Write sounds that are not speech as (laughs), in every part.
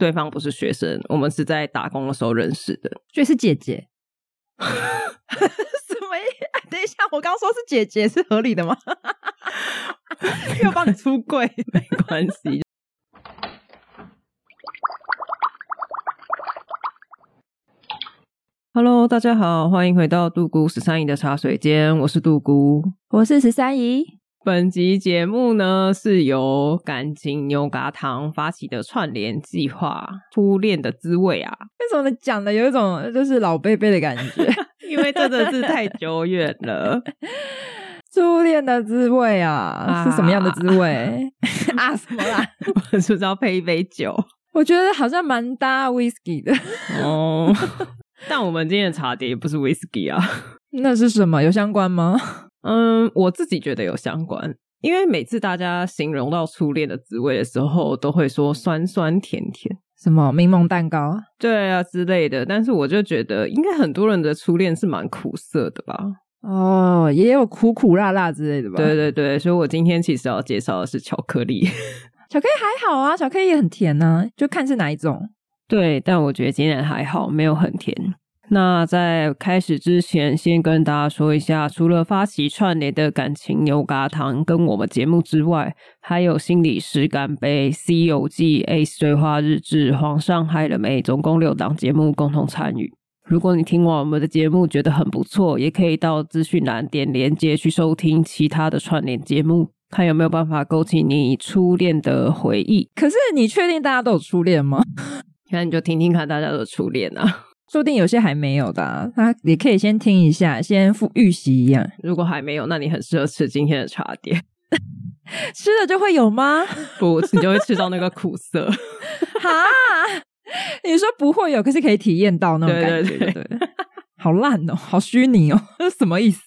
對方不是學生，我們是在打工的時候認識的。所以是姐姐，什 (laughs) 麼意思？等一下，我剛剛說是姐姐，是合理的嗎？ (laughs) 又幫你出櫃， (laughs) 沒關係係。 (laughs) Hello，大家好，歡迎回到杜姑十三姨的茶水間，我是杜姑，我是十三姨。本集節目呢，是由感情牛軋糖發起的串聯計劃《初戀的滋味》啊，為什麼你講的有一種就是老杯杯的感覺？ (laughs) 因為真的是太久遠了。初戀的滋味啊，啊，是什麼樣的滋味 (laughs) (laughs) 啊？什麼啦？就知道配一杯酒。我覺得好像蠻搭 whisky 的 (laughs) 哦。但我們今天的茶點也不是 whisky 啊？ (laughs) 那是什麼？有相關嗎？嗯，我自己覺得有相關，因為每次大家形容到初戀的滋味的時候，都會說酸酸甜甜，什麼檸檬蛋糕，對啊之類的。但是我就覺得，應該很多人的初戀是蠻苦澀的吧？哦，也有苦苦辣辣之類的吧？對對對，所以我今天其實要介紹的是巧克力。 (laughs) 巧克力還好啊，巧克力也很甜呢，啊，就看是哪一種。對，但我覺得今天還好，沒有很甜。那在開始之前，先跟大家說一下，除了發起串聯的感情牛軋糖跟我們節目之外，還有心理師乾杯、C 遊記 A 對話日誌、皇上嗨了沒，總共六檔節目共同參與。如果你聽完我們的節目覺得很不錯，也可以到資訊欄點連結去收聽其他的串聯節目，看有沒有辦法勾起你初戀的回憶。可是你確定大家都有初戀嗎？那 (laughs) 你就聽聽看大家的初戀啊。註定有些還沒有的、啊，那、啊、你可以先聽一下，先複預習一樣。如果還沒有，那你很適合吃今天的茶點， (laughs) 吃了就會有嗎？不， (laughs) 你就會吃到那個苦澀。 (laughs) 哈，你說不會有，可是可以體驗到那種感覺。對對對對，對，對，好爛哦，好虛擬哦， (laughs) (laughs) 什麼意思？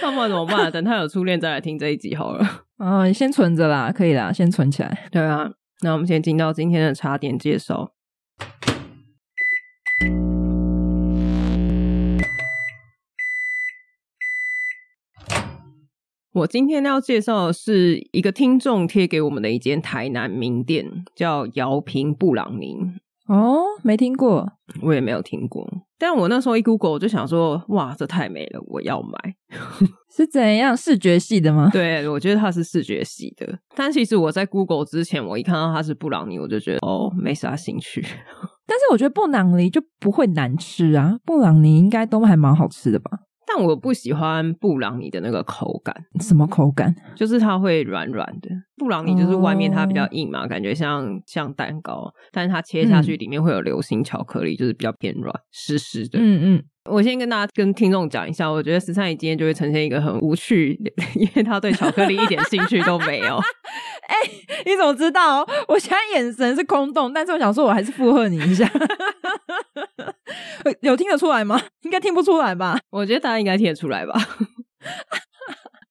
那 (laughs) 怎麼辦？等他有初戀再來聽這一集好了。 (laughs) 啊，你先存着啦，可以啦，先存起來。對啊，那我們先進到今天的茶點介紹。 (noise) 我今天要介紹的是一個聽眾貼給我們的一間台南名店，叫堯平布朗尼。哦，沒聽過，我也沒有聽過。但我那時候一 Google，我就想說，哇，這太美了，我要買。是,是怎樣視覺系的嗎？對，我覺得它是視覺系的。但其實我在 Google 之前，我一看到它是布朗尼，我就覺得哦，沒啥興趣。但是我覺得布朗尼就不會難吃啊，布朗尼應該都還蠻好吃的吧。但我不喜歡布朗尼的那個口感，什麼口感？就是它會軟軟的。布朗尼就是外面它比較硬嘛，哦、感覺像像蛋糕，但是它切下去裡面會有流心巧克力、嗯，就是比較偏軟，濕濕的。嗯嗯，我先跟大家、跟聽眾講一下，我覺得十三姨今天就會呈現一個很無趣，因為她對巧克力一點興趣都沒有。哎、 (laughs) 欸，你怎麼知道？我現在眼神是空洞，但是我想說，我還是附和你一下。 (laughs) 有聽得出來嗎？應該聽不出來吧？我覺得大家應該聽得出來吧。 (laughs)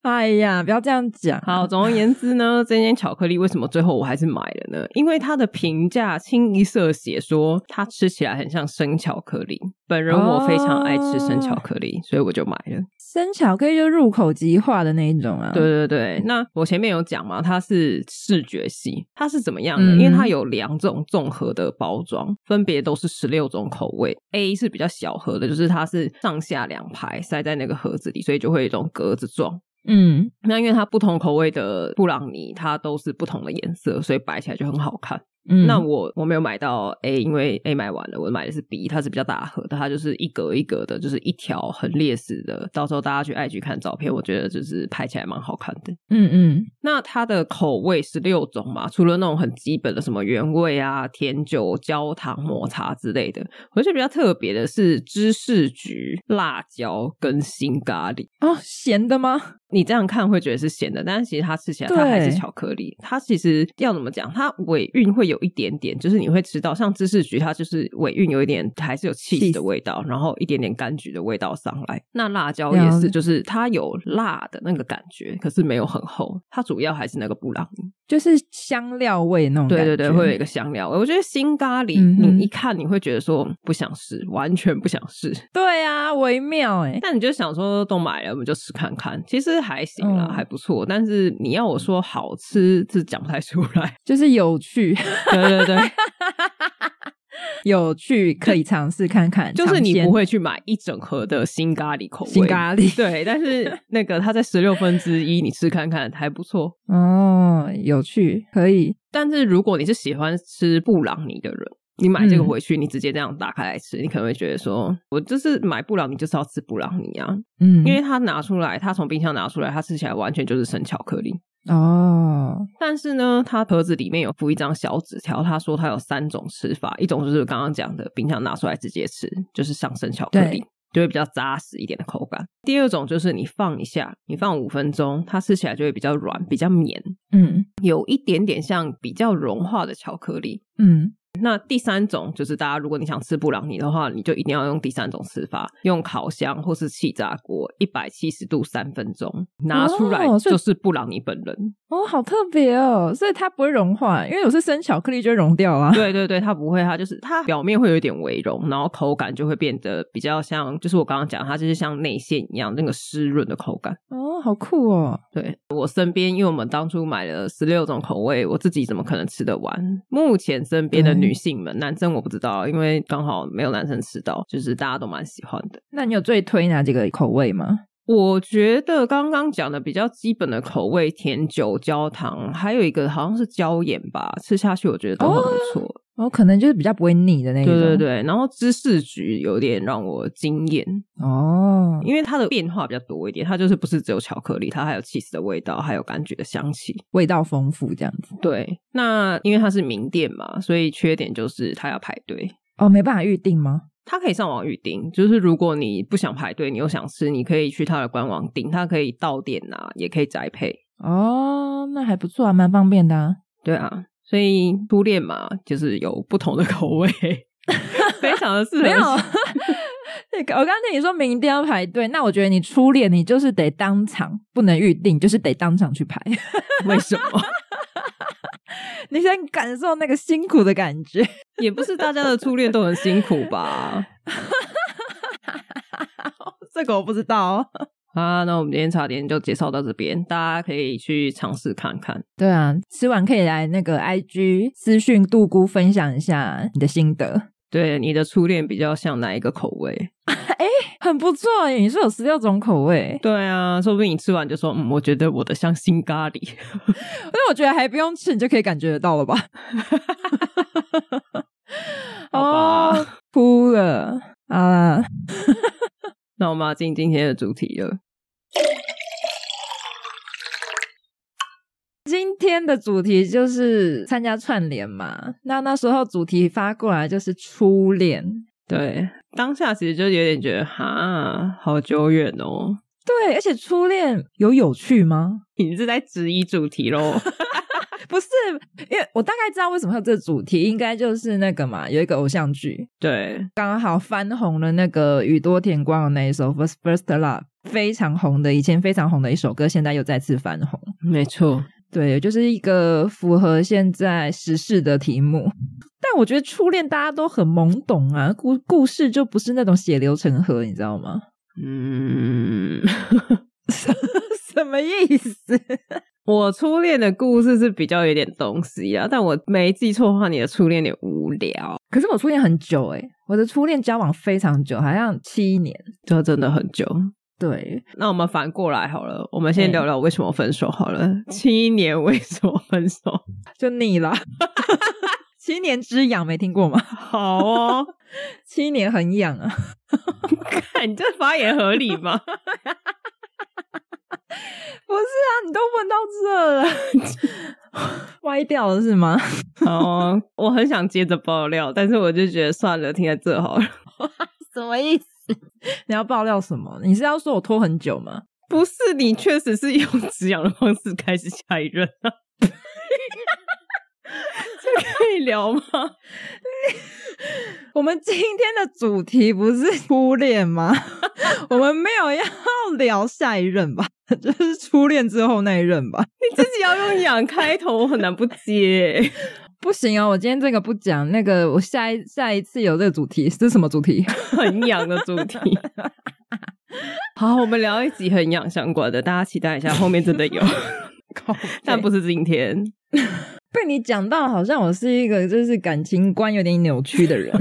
哎呀，不要這樣講、啊。好，總而言之呢，這間巧克力為什麼最後我還是買了呢？因為它的評價清一色寫說它吃起來很像生巧克力。本人我非常愛吃生巧克力、哦，所以我就買了。生巧克力就入口即化的那一種啊。對對對。那我前面有講嘛，它是視覺系，它是怎麼樣的？嗯、因為它有兩種綜合的包裝，分別都是十六種口味。A 是比較小盒的，就是它是上下兩排塞在那個盒子裡，所以就會有一種格子狀。嗯，那因為它不同口味的布朗尼，它都是不同的顏色，所以擺起來就很好看。嗯，那我我沒有買到 A，因為 A 買完了，我買的是 B，它是比較大盒的，它就是一格一格的，就是一條很劣勢的。到時候大家去 IG 看照片，我覺得就是拍起來蠻好看的。嗯嗯，那它的口味是六種嘛？除了那種很基本的什麼原味啊、甜酒、焦糖、抹茶之類的，而且比較特別的是芝士焗、辣椒跟辛咖喱啊、哦，鹹的嗎？你這樣看會覺得是鹹的，但是其實它吃起來它還是巧克力。它其實要怎麼講，它尾韻會有一點點，就是你會吃到像芝士橘，它就是尾韻有一點還是有起司的味道，Cheese. 然後一點點柑橘的味道上來。那辣椒也是，就是，就是它有辣的那個感覺，可是沒有很厚。它主要還是那個布朗尼，就是香料味的那種。對對對，會有一個香料味。我覺得新咖喱，嗯嗯，你一看你會覺得說不想試，完全不想試。對啊，微妙哎、欸。那你就想說都買了，我們就試看看。其實。還行啦、嗯，還不錯。但是你要我說好吃，嗯、是講不太出來，就是有趣， (laughs) 對對對， (laughs) 有趣可以嘗試看看。就是你不會去買一整盒的新咖喱口味，新咖喱對。但是那個它在十六分之一， (laughs) 你吃看看還不錯哦，有趣可以。但是如果你是喜歡吃布朗尼的人。你買這個回去、嗯，你直接這樣打開來吃，你可能會覺得說，我就是買布朗尼就是要吃布朗尼啊。嗯，因為它拿出來，它從冰箱拿出來，它吃起來完全就是生巧克力哦。但是呢，它盒子裡面有附一張小紙條，他說他有三種吃法，一種就是剛剛講的冰箱拿出來直接吃，就是像生巧克力，對，就會比較扎實一點的口感。第二種就是你放一下，你放五分鐘，它吃起來就會比較軟，比較綿，嗯，有一點點像比較融化的巧克力，嗯。那第三種就是，大家如果你想吃布朗尼的話，你就一定要用第三種吃法，用烤箱或是氣炸鍋，一百七十度三分鐘，拿出來就是布朗尼本人。Oh, so... 哦，好特別哦！所以它不會融化，因為如果是生巧克力就會融掉啊。對對對，它不會，它就是它表面會有一點微融，然後口感就會變得比較像，就是我剛剛講，它就是像內餡一樣那個濕潤的口感。哦，好酷哦！對，我身邊，因為我們當初買了十六種口味，我自己怎麼可能吃得完？目前身邊的女性們，男生我不知道，因為剛好沒有男生吃到，就是大家都蠻喜歡的。那你有最推哪幾個口味嗎？我覺得剛剛講的比較基本的口味，甜酒、焦糖，還有一個好像是椒鹽吧，吃下去我覺得都很不錯。然、哦、後、哦、可能就是比較不會膩的那種。對對對，然後芝士局，有點讓我驚艷哦，因為它的變化比較多一點，它就是不是只有巧克力，它還有起司的味道，還有柑橘的香氣，味道豐富這樣子。對，那因為它是名店嘛，所以缺點就是它要排隊哦，沒辦法預定嗎？他可以上網預訂，就是如果你不想排隊，你又想吃，你可以去他的官網訂，他可以到店啊，也可以宅配哦。那還不錯啊，蠻方便的啊。對啊，所以初戀嘛，就是有不同的口味， (laughs) (laughs) 非常的適合 (laughs) 沒有。 (laughs) (laughs) 我剛剛聽你說明一定要排隊，那我覺得你初戀你就是得當場不能預定，就是得當場去排， (laughs) 為什麼？你先感受那個辛苦的感覺，也不是大家的初戀都很辛苦吧？ (laughs) (laughs) 這個我不知道。好、啊，那我們今天茶點就介紹到這邊，大家可以去嘗試看看。對啊，吃完可以來那個 IG 私訊獨孤分享一下你的心得。對你的初戀比較像哪一個口味？哎、欸，很不錯耶，你是有十六種口味。對啊，說不定你吃完就說，嗯，我覺得我的像新咖喱。 (laughs) 但我覺得還不用吃，你就可以感覺得到了吧？哦 (laughs) (laughs) ，oh, 哭了啊！好啦 (laughs) 那我們要進今天的主題了。今天的主題就是參加串聯嘛，那那時候主題發過來就是初戀，對，當下其實就有點覺得哈，好久遠哦，對，而且初戀有有趣嗎？你是在質疑主題囉？ (laughs) (laughs) 不是，因為我大概知道為什麼有這主題，應該就是那個嘛，有一個偶像劇，對，剛好翻紅了那個宇多田光的那一首《First First Love》，非常紅的，以前非常紅的一首歌，現在又再次翻紅，沒錯。對，就是一個符合現在時事的題目，但我覺得初戀大家都很懵懂啊，故故事就不是那種血流成河，你知道嗎？嗯，什麼意思？我初戀的故事是比較有點東西啊，但我沒記錯的話，你的初戀有點無聊。可是我初戀很久誒、欸、我的初戀交往非常久，好像七年，就真的很久。對，那我們反過來好了，我們先聊聊為什麼分手好了，欸、七年為什麼分手就膩啦！ (laughs) 七年之癢沒聽過嗎？好哦， (laughs) 七年很癢啊 (laughs) 你這發言合理嗎？ (laughs) 不是啊，你都問到這了， (laughs) 歪掉了是嗎？ (laughs) 哦，我很想接着爆料，但是我就覺得算了，停在這好了， (laughs) 什麼意思？ (laughs) 你要爆料什麼？你是要說我拖很久嗎？不是，你確實是用“止癢”的方式開始下一任啊， (laughs) (laughs) (laughs) 這可以聊嗎？ (laughs) (laughs) 我們今天的主題不是初戀嗎？ (laughs) (laughs) (laughs) 我們沒有要聊下一任吧？ (laughs) 就是初戀之後那一任吧？ (laughs) (laughs) 你自己要用“癢 (laughs) ”開頭，我很難不接，欸。 (laughs) 不行哦，我今天這個不講那個，我下一下一次有這個主題是什麼主題？很 (laughs) 癢的主題。 (laughs) 好，我們聊一集很癢相關的，大家期待一下，後面真的有， (laughs) okay. 但不是今天。 (laughs) 被你講到，好像我是一個就是感情觀有點扭曲的人，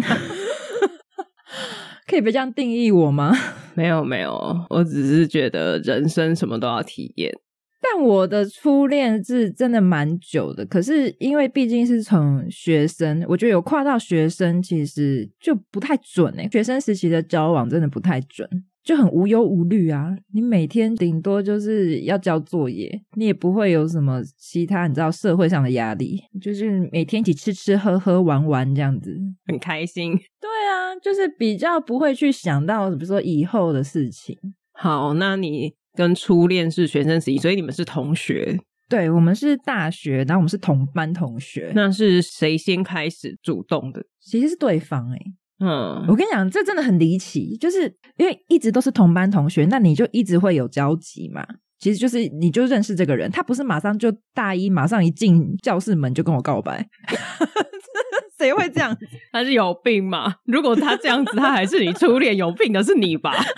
(laughs) 可以別這樣定義我嗎？ (laughs) 沒有沒有，我只是覺得人生什麼都要體驗。但我的初戀是真的蠻久的，可是因為畢竟是從學生，我覺得有跨到學生其實就不太準誒，欸，學生時期的交往真的不太準，就很無憂無慮啊。你每天頂多就是要交作業，你也不會有什麼其他你知道社會上的壓力，就是每天一起吃吃喝喝玩玩這樣子，很開心。對啊，就是比較不會去想到比如說以後的事情。好，那你。跟初戀是學生時期，所以你們是同學。對，我們是大學，然後我們是同班同學。那是誰先開始主動的？其實是對方哎、欸。嗯，我跟你講，這真的很離奇，就是因為一直都是同班同學，那你就一直會有交集嘛。其實就是你就認識這個人，他不是馬上就大一，馬上一進教室門就跟我告白，誰 (laughs) 會這樣？ (laughs) 他是有病嘛！如果他這樣子，他還是你初戀 (laughs) 有病的是你吧？ (laughs)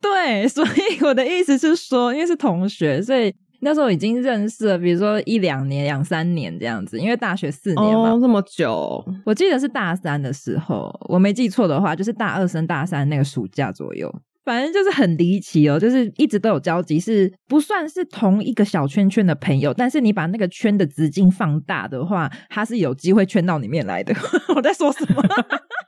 對，所以我的意思是說，因為是同學，所以那時候已經認識了，比如說一兩年、兩三年這樣子，因為大學四年嘛。哦，這麼久。我記得是大三的時候，我沒記錯的話，就是大二升大三那個暑假左右。反正就是很離奇哦，就是一直都有交集是，是不算是同一個小圈圈的朋友，但是你把那個圈的直徑放大的話，他是有機會圈到裡面來的。 (laughs) 我在說什麼？ (laughs)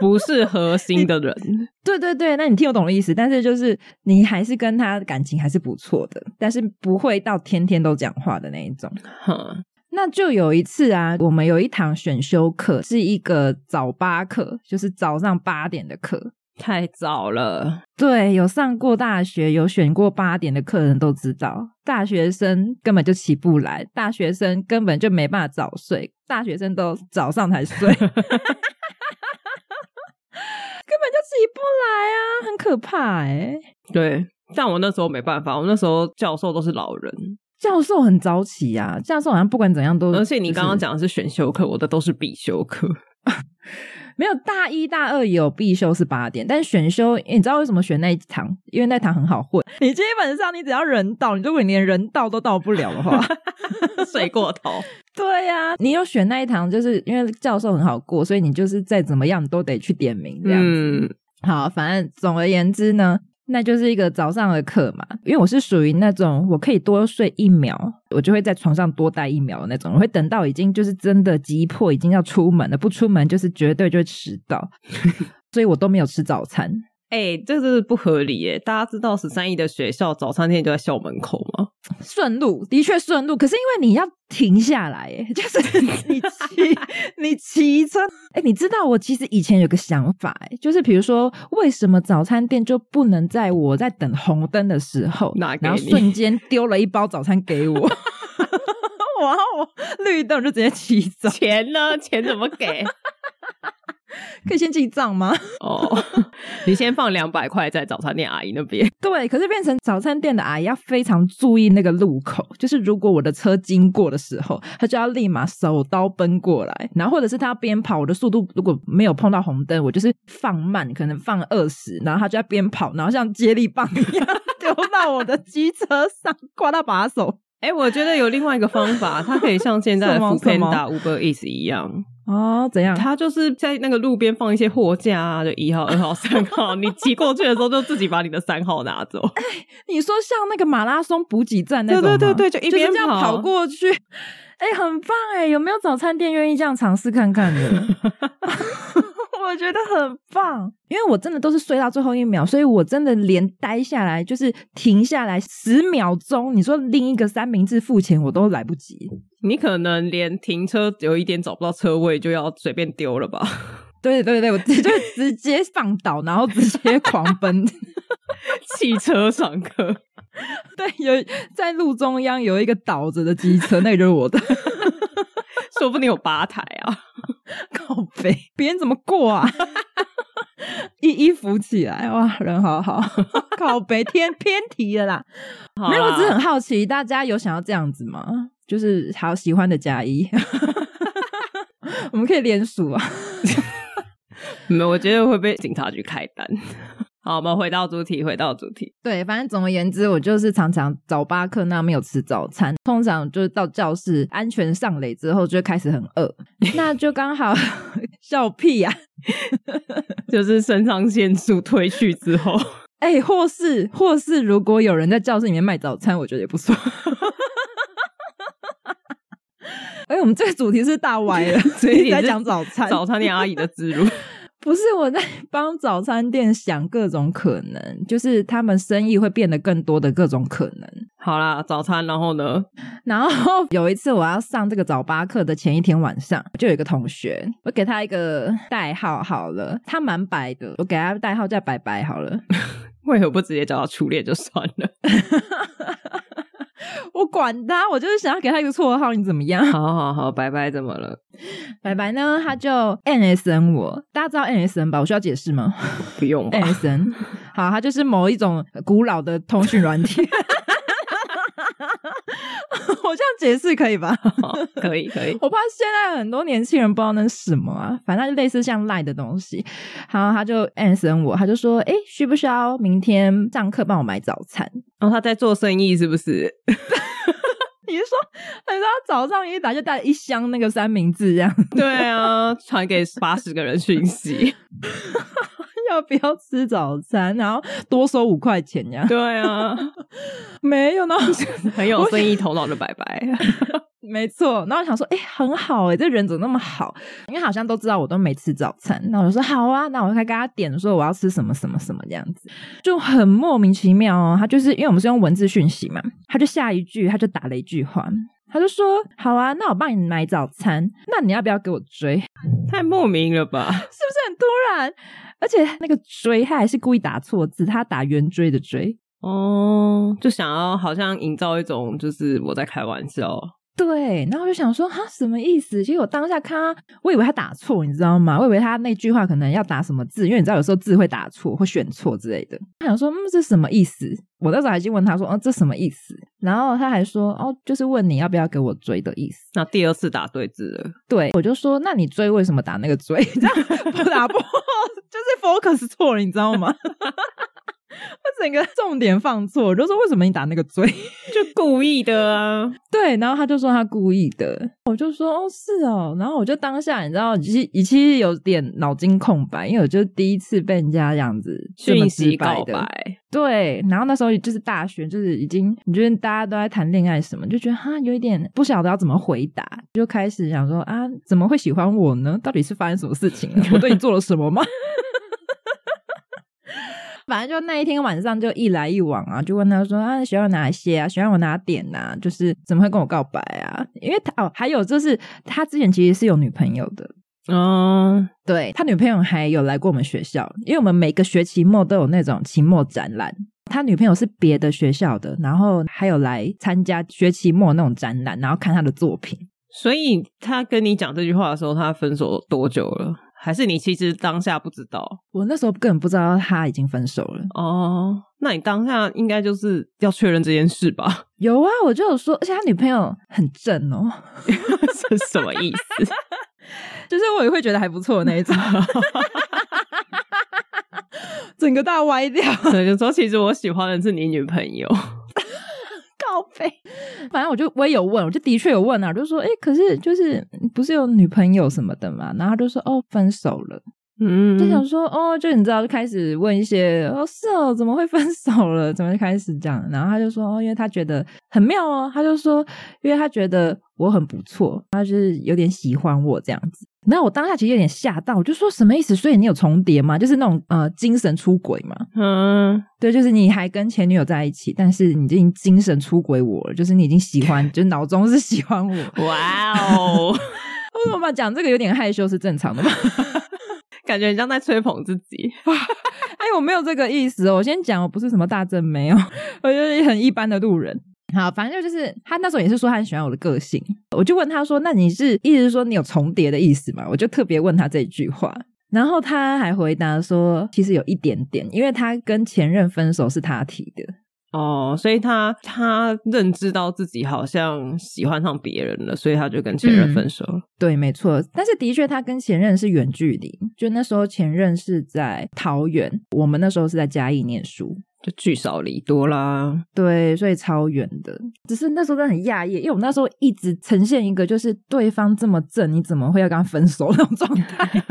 不是核心的人 (laughs) 對對對，那你聽我懂的意思，但是就是你還是跟他感情還是不錯的，但是不會到天天都講話的那一種。哼，那就有一次啊，我們有一堂選修課是一個早八課，就是早上八點的課，太早了。對，有上過大學有選過八點的課人都知道，大學生根本就起不來，大學生根本就沒辦法早睡，大學生都早上才睡。 (laughs) 就起不來啊，很可怕哎、欸。對，但我那時候沒辦法，我那時候教授都是老人，教授很早起啊，教授好像不管怎樣都、就是。而且你剛剛講的是選修課，我的都是必修課。 (laughs) 沒有大一、大二有必修是八點，但選修、欸、你知道為什麼選那一堂？因為那一堂很好混，你基本上你只要人到，你如果你連人到都到不了的話， (laughs) 睡過頭。 (laughs) 對呀、啊，你又選那一堂，就是因為教授很好過，所以你就是再怎麼樣都得去點名這樣。嗯。好，反正總而言之呢，那就是一個早上的課嘛。因為我是屬於那種我可以多睡一秒，我就會在床上多待一秒的那種。我會等到已經就是真的急迫，已經要出門了，不出門就是絕對就遲到， (laughs) 所以我都沒有吃早餐。哎、欸，這是不合理耶。大家知道十三姨的學校早餐店就在校門口嗎？順路，的確順路。可是因為你要停下來耶，就是你騎 (laughs) 你騎車。哎、欸，你知道我其實以前有個想法，就是比如說，為什麼早餐店就不能在我在等紅燈的時候，然後瞬間丟了一包早餐給我？然後我綠燈就直接騎走。錢呢？錢怎麼給？ (laughs) 可以先記賬嗎？哦、oh, (laughs) 你先放兩百塊在早餐店阿姨那邊。對，可是變成早餐店的阿姨要非常注意那個路口，就是如果我的車經過的時候，他就要立馬手刀奔過來，然後或者是他要邊跑，我的速度如果沒有碰到紅燈，我就是放慢，可能放二十，然後他就要邊跑，然後像接力棒一樣丟 (laughs) 到我的機車上掛到把手。哎、 (laughs) 欸，我覺得有另外一個方法，它可以像現在的 foodpanda、Uber Eats 一樣。哦，怎樣？他就是在那個路邊放一些貨架啊，就一號、二號、三號， (laughs) 你騎過去的時候就自己把你的三號拿走。哎、 (laughs) 欸，你說像那個馬拉松補給站那種，對對對對，就一邊、就是、這樣跑過去。 (laughs) 哎、欸，很棒哎、欸！有沒有早餐店願意這樣嘗試看看的？ (laughs) (laughs) 我覺得很棒，因為我真的都是睡到最後一秒，所以我真的連待下來就是停下來十秒鐘，你說另一個三明治付錢我都來不及。你可能連停車有一點找不到車位，就要隨便丟了吧？對對對，我就直接放倒，然後直接狂奔， (laughs) 汽車上客。對，有在路中央有一個倒着的機車，那也就是我的， (laughs) 說不定有八台啊。靠北，別人怎麼過啊？ (laughs) 一一扶起來，哇，人好好。 (laughs) 靠北天偏，偏偏題了啦。沒有，我只是很好奇，大家有想要這樣子嗎？就是好喜歡的加一， (laughs) (laughs) (laughs) 我們可以連署啊。 (laughs) 沒有，我覺得會被警察局開單。好，我們回到主題，回到主題。對，反正總而言之，我就是常常早八課那沒有吃早餐，通常就是到教室安全上壘之後就開始很餓，那就剛好笑屁呀，啊， (laughs) 就是腎上腺素褪去之後，哎，欸，或是或是如果有人在教室裡面賣早餐，我覺得也不錯。哎、 (laughs) 欸，我們這個主題是大歪了， (laughs) 所以你所以在講早餐，早餐店阿姨的置入。不是我在幫早餐店想各種可能，就是他們生意會變得更多的各種可能。好啦，早餐，然後呢？然後有一次我要上這個早八課的前一天晚上，就有一個同學，我給他一個代號好了，他蠻白的，我給他代號叫白白好了。 (laughs) 為何不直接叫他初戀就算了？ (laughs) 我管他，我就是想要給他一個綽號，你怎麼樣？好好好，拜拜，怎麼了？拜拜呢？他就 MSN 我，大家知道 MSN 吧？我需要解釋嗎？不用，MSN 好，他就是某一種古老的通訊軟體。 (laughs) (laughs) (laughs) 我這樣解釋可以吧？可、哦、以，可以。可以 (laughs) 我怕現在很多年輕人不知道那什麼啊，反正就類似像賴的東西。然後他就 MSN 我，他就說：“哎、欸，需不需要明天上課幫我買早餐？”然、哦、後他在做生意，是不是？ (laughs) (laughs) 你就說，你說他早上一早就帶一箱那個三明治這樣？對啊，傳給八十個人訊息。 (laughs) 要不要吃早餐？然後多收五塊錢呀？對啊， (laughs) 沒有那、就是、 (laughs) 很有生意頭腦的拜拜。 (laughs) 沒錯。然後我想說，哎、欸，很好哎、欸，這個、人怎麼那麼好？因為好像都知道我都沒吃早餐。那我就說好啊，那我還跟他點我說我要吃什麼什麼什麼這樣子，就很莫名其妙哦。他就是因為我們是用文字訊息嘛，他就下一句他就打了一句話，他就說好啊，那我幫你買早餐，那你要不要給我追？太莫名了吧？ (laughs) 是不是很突然？而且那個追，他還是故意打錯字，他打圓錐的錐哦，就想要好像營造一種，就是我在開玩笑。對，然後我就想說，哈、啊，什麼意思？其實我當下看他，我以為他打錯，你知道嗎？我以為他那句話可能要打什麼字，因為你知道有時候字會打錯或選錯之類的。他想說，嗯，這什麼意思？我那時候還去問他說，哦、啊，這什麼意思？然後他還說，哦，就是問你要不要給我追的意思。那第二次打對字了，對，我就說，那你追為什麼打那個追？ (laughs) 這不打不，就是 focus 錯了，你知道嗎？ (laughs) 我整個重點放錯，我就說為什麼你打那個嘴？ (laughs) 就故意的啊？對，然後他就說他故意的，我就說哦是哦，然後我就當下你知道其實其實有點腦筋空白，因為我就是第一次被人家這樣子訊息告白，對，然後那時候就是大學，就是已經你覺得大家都在談戀愛什麼，就覺得哈有一點不曉得要怎麼回答，就開始想說啊怎麼會喜歡我呢？到底是發生什麼事情啊？我對你做了什麼嗎？ (laughs) 反正就那一天晚上就一來一往啊，就問他說啊，喜歡我哪些啊，喜歡我哪點啊，就是怎麼會跟我告白啊？因為他哦，還有就是他之前其實是有女朋友的，嗯、哦，對，他女朋友還有來過我們學校，因為我們每個學期末都有那種期末展覽，他女朋友是別的學校的，然後還有來參加學期末那種展覽，然後看他的作品。所以他跟你講這句話的時候，他分手多久了？還是你其實當下不知道，我那時候根本不知道他已經分手了。哦、uh，那你當下應該就是要確認這件事吧？有啊，我就有說，而且他女朋友很正哦， (laughs) 是什麼意思？ (laughs) 就是我也會覺得還不錯的那一種， (laughs) (laughs) 整個大歪掉。就說其實我喜歡的是你女朋友。 (laughs) 告白，反正我就我也有問，我就的確有問啊，就說，哎、欸，可是就是不是有女朋友什麼的嘛？然後他就說，哦，分手了，嗯，就想說，哦，就你知道，就開始問一些，哦，是哦，怎麼會分手了？怎麼就開始這樣？然後他就說，哦，因為他覺得很妙哦，他就說，因為他覺得我很不錯，他就是有點喜歡我這樣子。那我當下其實有點嚇到，我就說什麼意思？所以你有重疊嗎？就是那種呃精神出軌嘛？嗯，對，就是你還跟前女友在一起，但是你已經精神出軌我了，就是你已經喜歡， (laughs) 就腦中是喜歡我。哇哦，為什麼講這個有點害羞是正常的嗎？ (laughs) 感覺你像在吹捧自己。 (laughs) 哎，我沒有這個意思哦，我先講我不是什麼大正妹哦，我就是很一般的路人。好，反正就是他那時候也是說他很喜歡我的個性，我就問他說：“那你是意思是說你有重疊的意思嗎？”我就特別問他這一句話，然後他還回答說：“其實有一點點，因為他跟前任分手是他提的哦，所以他他認知到自己好像喜歡上別人了，所以他就跟前任分手。嗯、對，沒錯。但是的確，他跟前任是遠距離，就那時候前任是在桃園，我們那時候是在嘉義念書。”就聚少離多啦，對，所以超遠的。只是那時候真的很訝異，因為我們那時候一直呈現一個就是對方這麼正，你怎麼會要跟他分手那種狀態？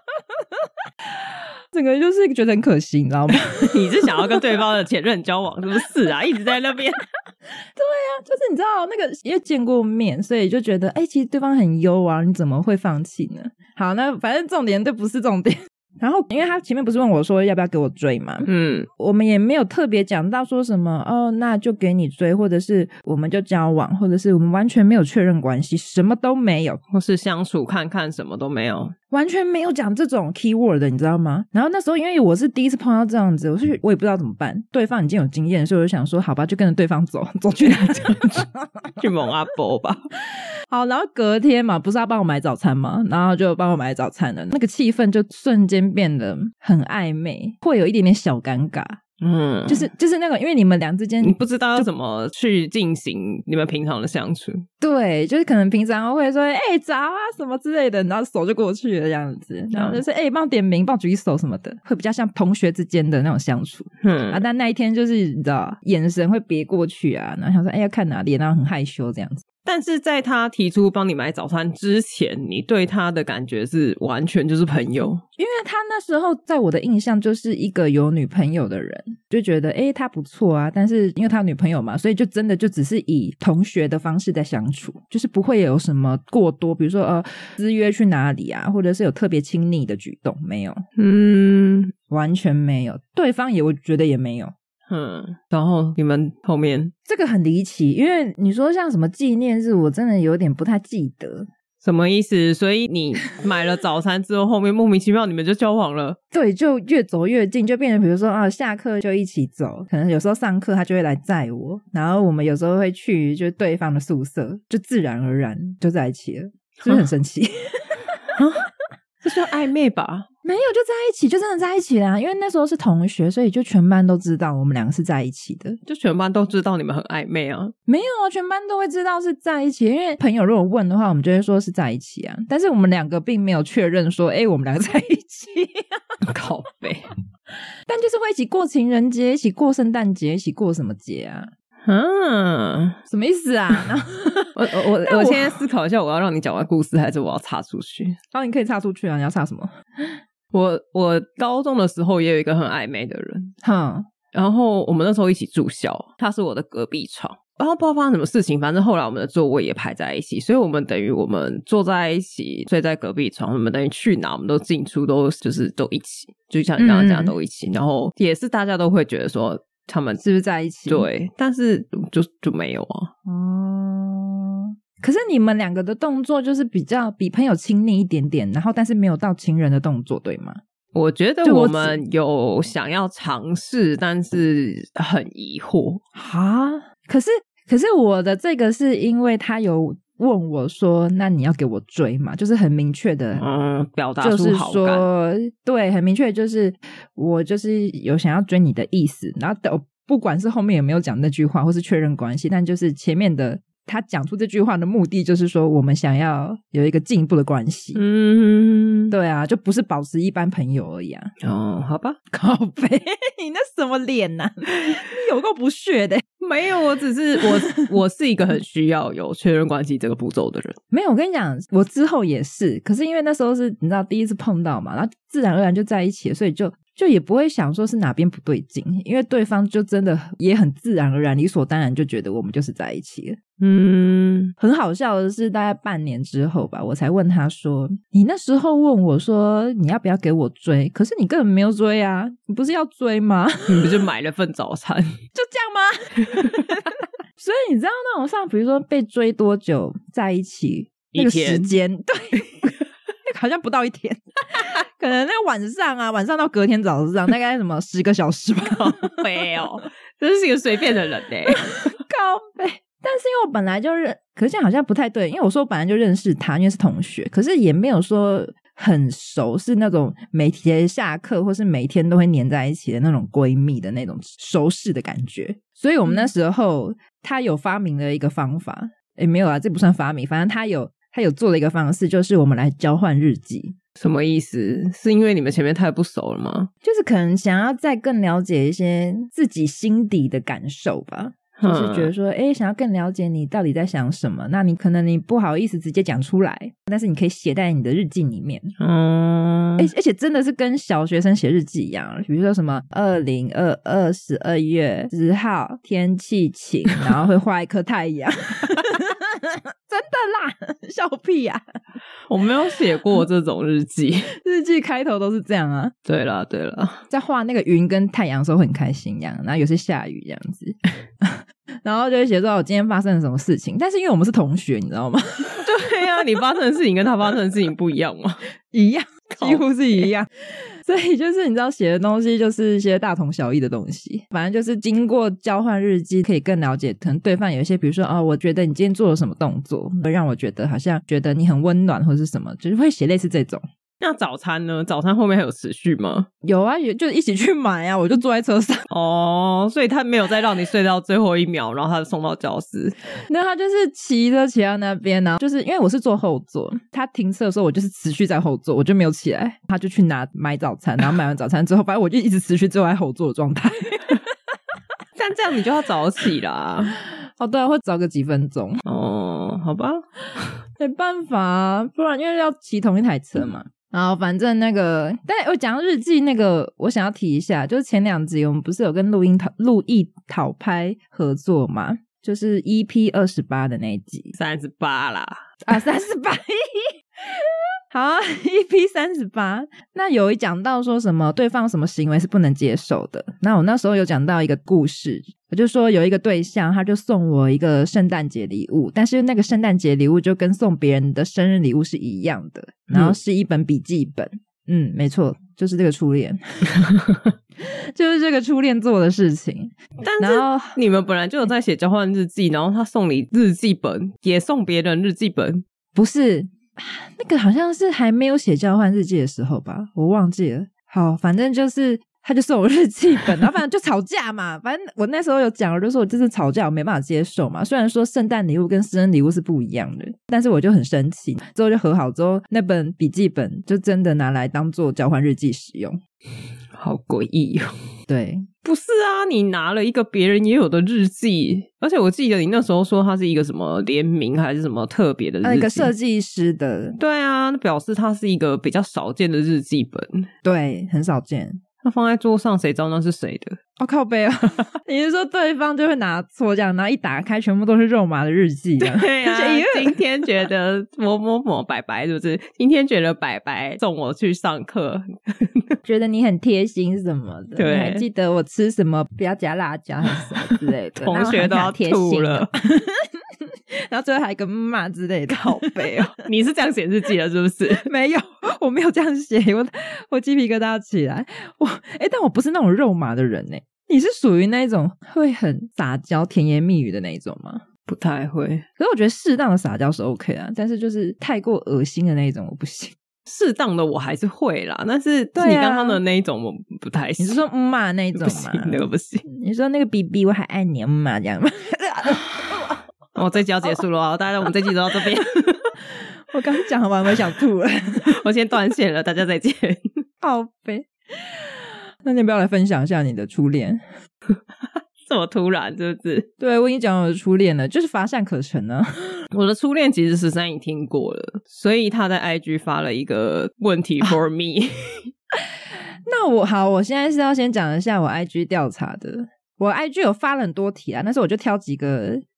(laughs) (laughs) 整個就是覺得很可惜，你知道嗎？ (laughs) 你是想要跟對方的前任交往，是不是啊？一直在那邊。 (laughs) 對啊，就是你知道那個因為見過面，所以就覺得誒、欸、其實對方很優啊，你怎麼會放棄呢？好，那反正重點都不是重點。然後，因為他前面不是問我說要不要給我追嘛，嗯，我們也沒有特別講到說什麼哦，那就給你追，或者是我們就交往，或者是我們完全沒有確認關係，什麼都沒有，或是相處看看，什麼都沒有。完全沒有講這種 keyword 的，你知道嗎？然後那時候，因為我是第一次碰到這樣子，我是我也不知道怎麼辦。對方已經有經驗，所以我就想說，好吧，就跟着對方走，走去哪裡，走去 (laughs) 去蒙阿波吧。 (laughs) 好，然後隔天嘛，不是要幫我買早餐嗎？然後就幫我買早餐了。那個氣氛就瞬間變得很曖昧，會有一點點小尷尬。嗯，就是就是那個，因為你們倆之間你不知道要怎麼去進行你們平常的相處。對，就是可能平常會說“哎，早啊”什麼之類的，然後手就過去了這樣子，然後就是“哎，幫我點名，幫我舉手什麼的”，會比較像同學之間的那種相處。嗯，啊，但那一天就是你知道，眼神會別過去啊，然後想說“哎，要看哪裡”，然後很害羞這樣子。但是在他提出幫你買早餐之前，你對他的感覺是完全就是朋友。因為他那時候在我的印象就是一個有女朋友的人，就覺得誒、欸、他不錯啊，但是因為他女朋友嘛，所以就真的就只是以同學的方式在相處，就是不會有什麼過多，比如說呃私約去哪裡啊，或者是有特別親密的舉動，沒有，嗯，完全沒有，對方也我覺得也沒有。嗯，然後你們後面這個很離奇，因為你說像什麼紀念日，我真的有點不太記得。什麼意思？所以你買了早餐之後， (laughs) 後面莫名其妙你們就交往了，對，就越走越近，就變成比如說啊，下課就一起走，可能有時候上課他就會來載我，然後我們有時候會去就對方的宿舍，就自然而然就在一起了，是不是很神奇？啊 (laughs) 啊、這算曖昧吧？沒有，就在一起，就真的在一起啦、啊。因為那時候是同學，所以就全班都知道我們兩個是在一起的。就全班都知道你們很曖昧啊？沒有啊，全班都會知道是在一起。因為朋友如果問的話，我們就會說是在一起啊。但是我們兩個並沒有確認說，哎、 (laughs) 欸，我們兩個在一起、啊。 (laughs) 靠北北。 (laughs) 但就是會一起過情人節，一起過聖誕節，一起過什麼節啊？嗯，什麼意思啊？ (laughs) 然後 (laughs) 我我我我現在思考一下，我要讓你講完故事，還是我要插出去？好、啊、你可以插出去啊，你要插什麼？我我高中的時候也有一個很曖昧的人，哈、huh.，然後我們那時候一起住校，他是我的隔壁床，然後不知道發生什麼事情，反正後來我們的座位也排在一起，所以我們等於我們坐在一起，睡在隔壁床，我們等於去哪我們都進出都就是都一起，就像你剛剛講，嗯嗯、都一起，然後也是大家都會覺得說他們是不是在一起，對，但是就就沒有啊，oh. 可是你們兩個的動作就是比較比朋友親密一點點，然後但是沒有到情人的動作，對嗎？我覺得我們有想要嘗試，但是很疑惑哈，可是可是我的這個是因為他有問我說：“那你要給我追嘛？”就是很明確的，嗯，表達出好感，就是說對，很明確，就是我就是有想要追你的意思。然後，不管是後面有沒有講那句話，或是確認關係，但就是前面的。他講出這句話的目的，就是說我們想要有一個進一步的關係。嗯，對啊，就不是保持一般朋友而已啊。哦，好吧，靠北，你那什麼臉吶、啊？ (laughs) 你有夠不屑的。 (laughs) 沒有，我只是我是我是一個很需要有確認關係這個步驟的人。 (laughs) 沒有，我跟你講，我之後也是。可是因為那時候是你知道第一次碰到嘛，然後自然而然就在一起，所以就。就也不會想說，是哪邊不對勁，因為對方就真的也很自然而然、理所當然就覺得我們就是在一起了。嗯，很好笑的是，大概半年之後吧，我才問他說：“你那時候問我說你要不要給我追，可是你根本沒有追啊，你不是要追嗎？你不是買了份早餐， (laughs) 就這樣嗎？” (laughs) (laughs) 所以你知道那種像，比如說被追多久在一起，一那個時間，對。 (laughs) 好像不到一天， (laughs) 可能那個晚上啊，晚上到隔天早上，大 (laughs) 概什麼 (laughs) 十個小時吧。沒有，真是一個隨便的人呢。 (laughs) (laughs) 靠背，但是因為我本來就認，可是好像不太對，因為我說我本來就認識他，因為是同學，可是也沒有說很熟，是那種每天下課或是每天都會黏在一起的那種閨蜜的那種熟識的感覺。所以我們那時候，嗯，他有發明了一個方法，誒，沒有啊，這不算發明，反正他有。他有做的一個方式，就是我們來交換日記，什麼意思？是因為你們前面太不熟了嗎？就是可能想要再更了解一些自己心底的感受吧，就是覺得說，哎，想要更了解你到底在想什麼，那你可能你不好意思直接講出來，但是你可以寫在你的日記裡面。嗯，而而且真的是跟小學生寫日記一樣，比如說什麼二零二二年十二月十號，天氣晴，然後會畫一顆太陽。 (laughs) (laughs) (laughs) 真的啦，笑屁呀、啊！我沒有寫過這種日記， (laughs) 日記開頭都是這樣啊。對了對了，在畫那個雲跟太陽的時候很開心，樣，然後有些下雨這樣子， (laughs) 然後就會寫說我今天發生了什麼事情。但是因為我們是同學，你知道嗎？ (laughs) (laughs) 對呀、啊，你發生的事情跟他發生的事情不一樣嗎？ (laughs) 一樣，幾乎是一樣。 (laughs) 所以就是你知道寫的東西就是一些大同小異的東西，反正就是經過交換日記可以更了解，可能對方有一些，比如說哦，我覺得你今天做了什麼動作，會讓我覺得好像覺得你很溫暖或者是什麼，就是會寫類似這種。那早餐呢？早餐後面還有持續嗎？有啊，有就是一起去買啊。我就坐在車上。哦、oh，所以他沒有再讓你睡到最後一秒， (laughs) 然後他就送到教室。那他就是騎車騎到那邊，然後就是因為我是坐後座，他停車的時候我就是持續在後座，我就沒有起來。他就去拿買早餐，然後買完早餐之後， (laughs) 反正我就一直持續坐在後座的狀態。 (laughs) (laughs) 但這樣你就要早起啦，好，對啊，會早個幾分鐘。哦、oh，好吧，沒辦法、啊，不然因為要騎同一台車嘛。 (laughs) 好，反正那個，但我講日記那個，我想要提一下，就是前兩集我們不是有跟錄音淘錄藝討拍合作嘛，就是 EP 二十八的那一集，三十八啦，啊，三十八。好，EP38。那有一講到說什麼對方什麼行為是不能接受的。那我那時候有講到一個故事，我就是、說有一個對象，他就送我一個聖誕節禮物，但是那個聖誕節禮物就跟送別人的生日禮物是一樣的，然後是一本筆記本。嗯，嗯，沒錯，就是這個初戀， (laughs) (laughs) 就是這個初戀做的事情。但是然後你們本來就有在寫交換日記，然後他送你日記本，也送別人日記本，不是？那個好像是還沒有寫交換日記的時候吧，我忘記了。好，反正就是他就送我日記本，然後反正就吵架嘛。 (laughs) 反正我那時候有講了，就說我就是吵架，我沒辦法接受嘛。雖然說聖誕禮物跟私人禮物是不一樣的，但是我就很生氣。之後就和好，之後那本筆記本就真的拿來當做交換日記使用，好詭異喲。對。不是啊，你拿了一個別人也有的日記，而且我記得你那時候說它是一個什麼聯名還是什麼特別的，呃，一個設計師的。對啊，那表示它是一個比較少見的日記本，對，很少見。他放在桌上，誰知道那是誰的？哦靠北啊！ (laughs) 你是說對方就會拿錯這樣，然後一打開，全部都是肉麻的日記。對啊， (laughs) 今天覺得某某某拜拜是不是？就是今天覺得拜拜，送我去上課， (laughs) 覺得你很貼心什麼的。對，還記得我吃什麼不要加辣椒什麼之類的， (laughs) 同學都要吐了。 (laughs) 然後最後還跟個罵之類的，好悲哦！你是這樣寫日記的，是不是？ (laughs) 沒有，我沒有這樣寫，我我雞皮疙瘩起來。我哎、欸，但我不是那種肉麻的人呢。你是屬於那種會很撒嬌、甜言蜜語的那一種嗎？不太會。可是我覺得適當的撒嬌是 OK 啊，但是就是太過噁心的那一種我不行。適當的我還是會啦，但是對你剛剛的那一種我不太、行。你是說罵那種嗎不行？那個不行。你說那個 BB 我還愛你罵？這樣嗎？ (laughs) 我這集要結束了哦、oh, 大家，我們這集都到這邊。 (laughs) (laughs) 我剛講完，我想吐了 (laughs) 我先斷線了。大家再見。好唄。那你不要來分享一下你的初戀？ (laughs) (laughs) 這麼突然，是不是？對，我已經講我的初戀了，就是乏善可陳啊。 (laughs) 我的初戀其實十三已經聽過了，所以他在 IG 發了一個問題 for me。 (laughs) (laughs) 那我好，我現在是要先講一下我 IG 調查的。我 IG 有發了很多題啊，但是我就挑幾個。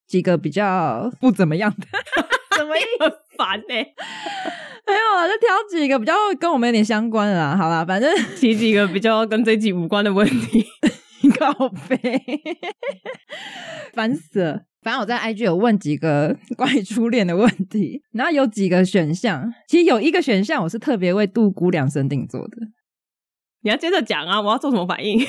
幾個比較不怎麼樣的麼，怎麼樣麼煩呢？沒、哎、有，就挑幾個比較跟我們有點相關的啦。好啦，反正提幾個比較跟這一集無關的問題，你靠背，煩死了。反正我在 IG 有問幾個關於初戀的問題，然後有幾個選項，其實有一個選項我是特別為杜姑量身定做的。你要接着講啊，我要做什麼反應？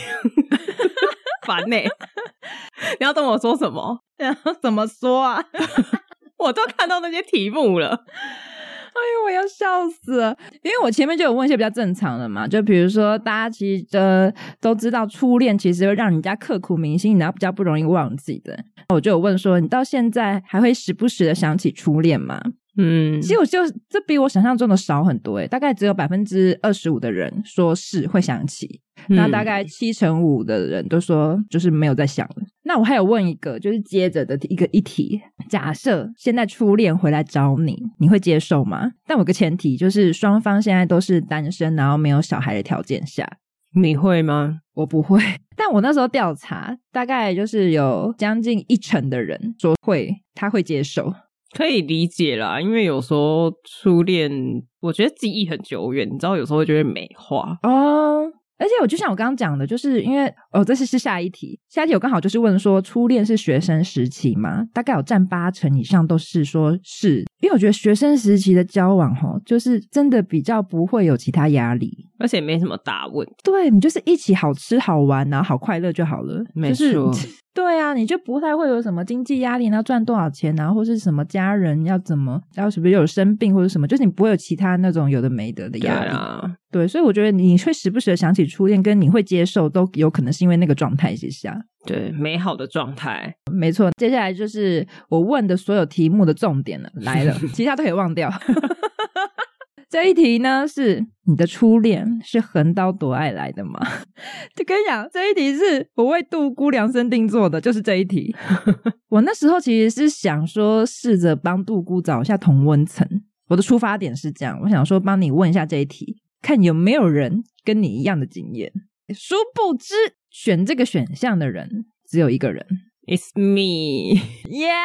煩 (laughs) 呢 (laughs) 煩、欸？ (laughs) (laughs) 你要跟我說什麼？然後怎麼說啊？ (laughs) 我都看到那些題目了， (laughs) 哎呦，我要笑死了！因為我前面就有問一些比較正常的嘛，就比如說大家其實呃都知道初戀其實會讓人家刻骨銘心，然後比較不容易忘記的。我就有問說，你到現在還會時不時的想起初戀嗎？嗯，其實我就這比我想象中的少很多誒，大概只有百分之二十五的人說是會想起，嗯、那大概七成五的人都說就是沒有在想了。那我還有問一個，就是接着的一個議題，假設現在初戀回來找你，你會接受嗎？但我有個前提就是雙方現在都是單身，然後沒有小孩的條件下，你會嗎？我不會。但我那時候調查，大概就是有將近一成的人說會，他會接受。可以理解啦，因為有時候初戀，我覺得記憶很久遠，你知道，有時候就會覺得美化哦。而且我就像我剛剛講的，就是因為哦，這是是下一題，下一題我剛好就是問說，初戀是學生時期嗎？大概有佔八成以上都是說是。因為我覺得學生時期的交往吼、哦，就是真的比較不會有其他壓力，而且沒什麼大問題。對，你就是一起好吃好玩、啊，然後好快樂就好了。沒錯，就是，對啊，你就不太會有什麼經濟壓力，然後賺多少錢，啊，然後或是什麼家人要怎麼，然後是不是有生病或者什麼，就是你不會有其他那種有的沒得的、的壓力對，啊。對，所以我覺得你會時不時的想起初戀，跟你會接受都有可能是因為那個狀態之下。對，美好的狀態，沒錯。接下來就是我問的所有題目的重點了，來了， (laughs) 其他都可以忘掉。 (laughs) (laughs) 這一題呢，是你的初戀是橫刀奪愛來的嗎？ (laughs) 就跟你講，這一題是我為杜姑量身定做的，就是這一題。 (laughs) (laughs) 我那時候其實是想說，試着幫杜姑找一下同溫層。我的出發點是這樣，我想說幫你問一下這一題，看有沒有人跟你一樣的經驗。欸，殊不知。選這個選項的人只有一個人，It's me，h、yeah,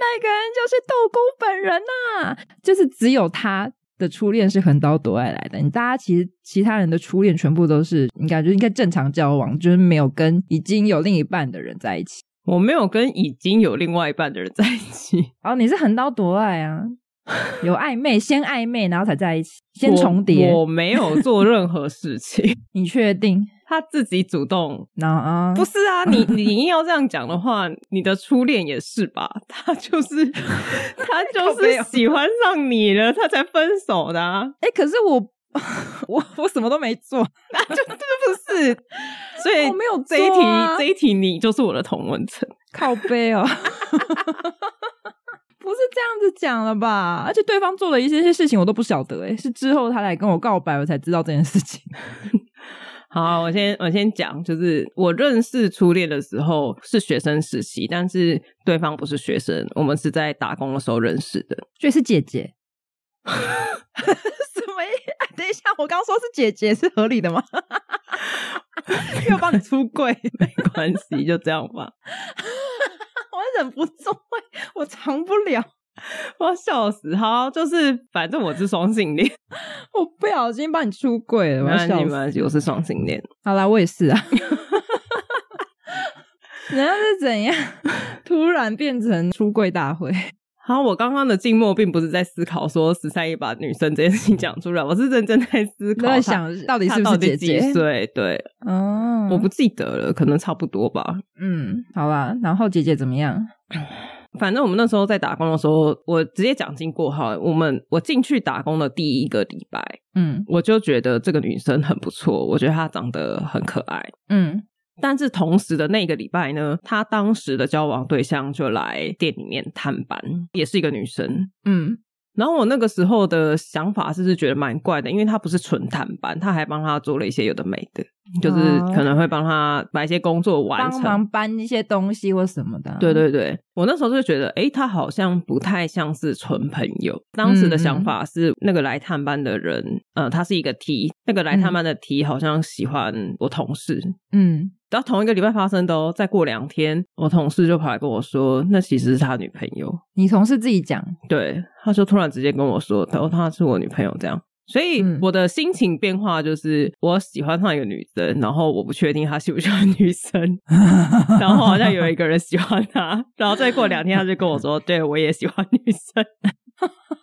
那個人就是豆公本人吶，啊，就是只有他的初戀是橫刀奪愛來的。你大家其實其他人的初戀全部都是，你感覺應該正常交往，就是沒有跟已經有另一半的人在一起。我沒有跟已經有另外一半的人在一起。 (laughs) 哦，你是橫刀奪愛啊，有曖昧，先曖昧，然後才在一起，先重疊。我，我沒有做任何事情， (laughs) 你確定？他自己主動，啊、不是啊？你你硬要這樣講的話，你的初戀也是吧？他就是他就是喜歡上你了，他才分手的。啊。哎、欸，可是我我我什麼都沒做，那 (laughs) 就是不是？所以沒有這一題、啊，這一題你就是我的同溫層靠背哦。 (laughs) 不是這樣子講了吧？而且對方做了一些些事情，我都不曉得、欸。哎，是之後他來跟我告白，我才知道這件事情。好，好，我先我先講，就是我認識初戀的時候是學生時期，但是對方不是學生，我們是在打工的時候認識的，所以是姐姐。 (laughs) 什麼意思？等一下，我剛，剛說是姐姐是合理的嗎？哈哈哈，又幫你出櫃 (laughs) 沒關係，就這樣吧。哈哈哈，我忍不住、欸，我藏不了。我笑死，好，就是反正我是雙性戀，我不小心把你出櫃了。我要笑死，我是雙性戀。好啦，我也是啊。然 (laughs) 後是怎樣突然變成出櫃大會？好，我剛剛的靜默並不是在思考說十三一把女生這件事情講出來，我是認真在思考，在想到底是不是姐姐？對對，嗯、哦，我不記得了，可能差不多吧。嗯，好啦，然後姐姐怎麼樣？反正我們那時候在打工的時候，我直接講經過哈。我們我進去打工的第一個禮拜，嗯，我就覺得這個女生很不錯，我覺得她長得很可愛，嗯。但是同時的那個禮拜呢，她當時的交往對象就來店裡面探班，也是一個女生，嗯。然後我那個時候的想法是是覺得蠻怪的，因為他不是純探班，他還幫他做了一些有的沒的，就是可能會幫他把一些工作完成，幫忙搬一些東西或什麼的。對對對，我那時候就覺得，哎，他好像不太像是純朋友。當時的想法是，嗯、那個來探班的人，呃，他是一個 T，那個來探班的 T 好像喜歡我同事，嗯。嗯然後同一個禮拜發生的哦，再過兩天，我同事就跑來跟我說，那其實是他女朋友。你同事自己講？對，他就突然直接跟我說，他說她是我女朋友這樣。所以我的心情變化就是，我喜歡上一個女生，然後我不確定他喜不喜歡女生， (laughs) 然後好像有一個人喜歡他，然後再過兩天他就跟我說， (laughs) 對，我也喜歡女生。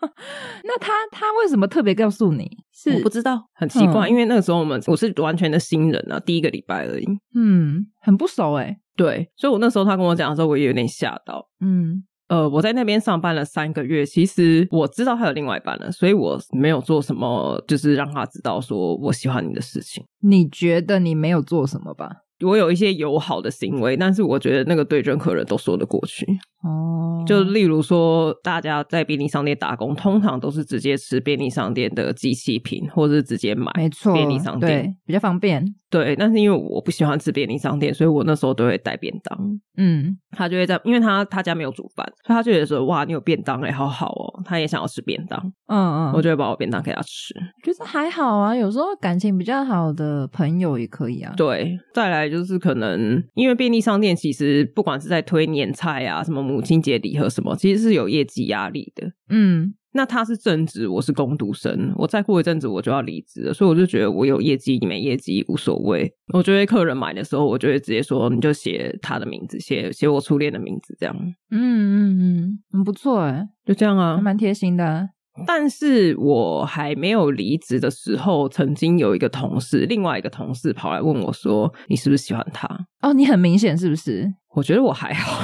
(laughs) 那他他為什麼特別告訴你？是我不知道，很奇怪，嗯，因為那個時候我們我是完全的新人啊，第一個禮拜而已，嗯，很不熟哎，對，所以，我那時候他跟我講的時候，我也有點嚇到，嗯，呃，我在那邊上班了三個月，其實我知道他有另外一半了，所以我沒有做什麼，就是讓他知道說我喜歡你的事情。你覺得你沒有做什麼吧？我有一些友好的行為，但是我覺得那個對任何人都說得過去。哦，就例如說，大家在便利商店打工，通常都是直接吃便利商店的機器品，或者是直接買，沒錯。便利商店。對，比較方便，對。但是因為我不喜歡吃便利商店，所以我那時候都會帶便當。嗯，他就會在，因為他他家沒有煮飯，所以他就覺得說，哇，你有便當哎，好好哦，他也想要吃便當。嗯嗯，我就會把我便當給他吃。覺得還好啊，有時候感情比較好的朋友也可以啊。對，再來。就是可能，因為便利商店其實不管是在推年菜啊，什麼母親節禮盒什麼，其實是有業績壓力的。嗯，那他是正職，我是工讀生，我再過一陣子我就要離職了，所以我就覺得我有業績你沒業績無所謂。我覺得客人買的時候，我就會直接說，你就寫他的名字，寫寫我初戀的名字這樣。嗯嗯嗯，很不錯哎，就這樣啊，還蠻貼心的。但是我還沒有離職的時候，曾經有一個同事，另外一個同事跑來問我說：“你是不是喜歡他？”哦，你很明顯是不是？我覺得我還好。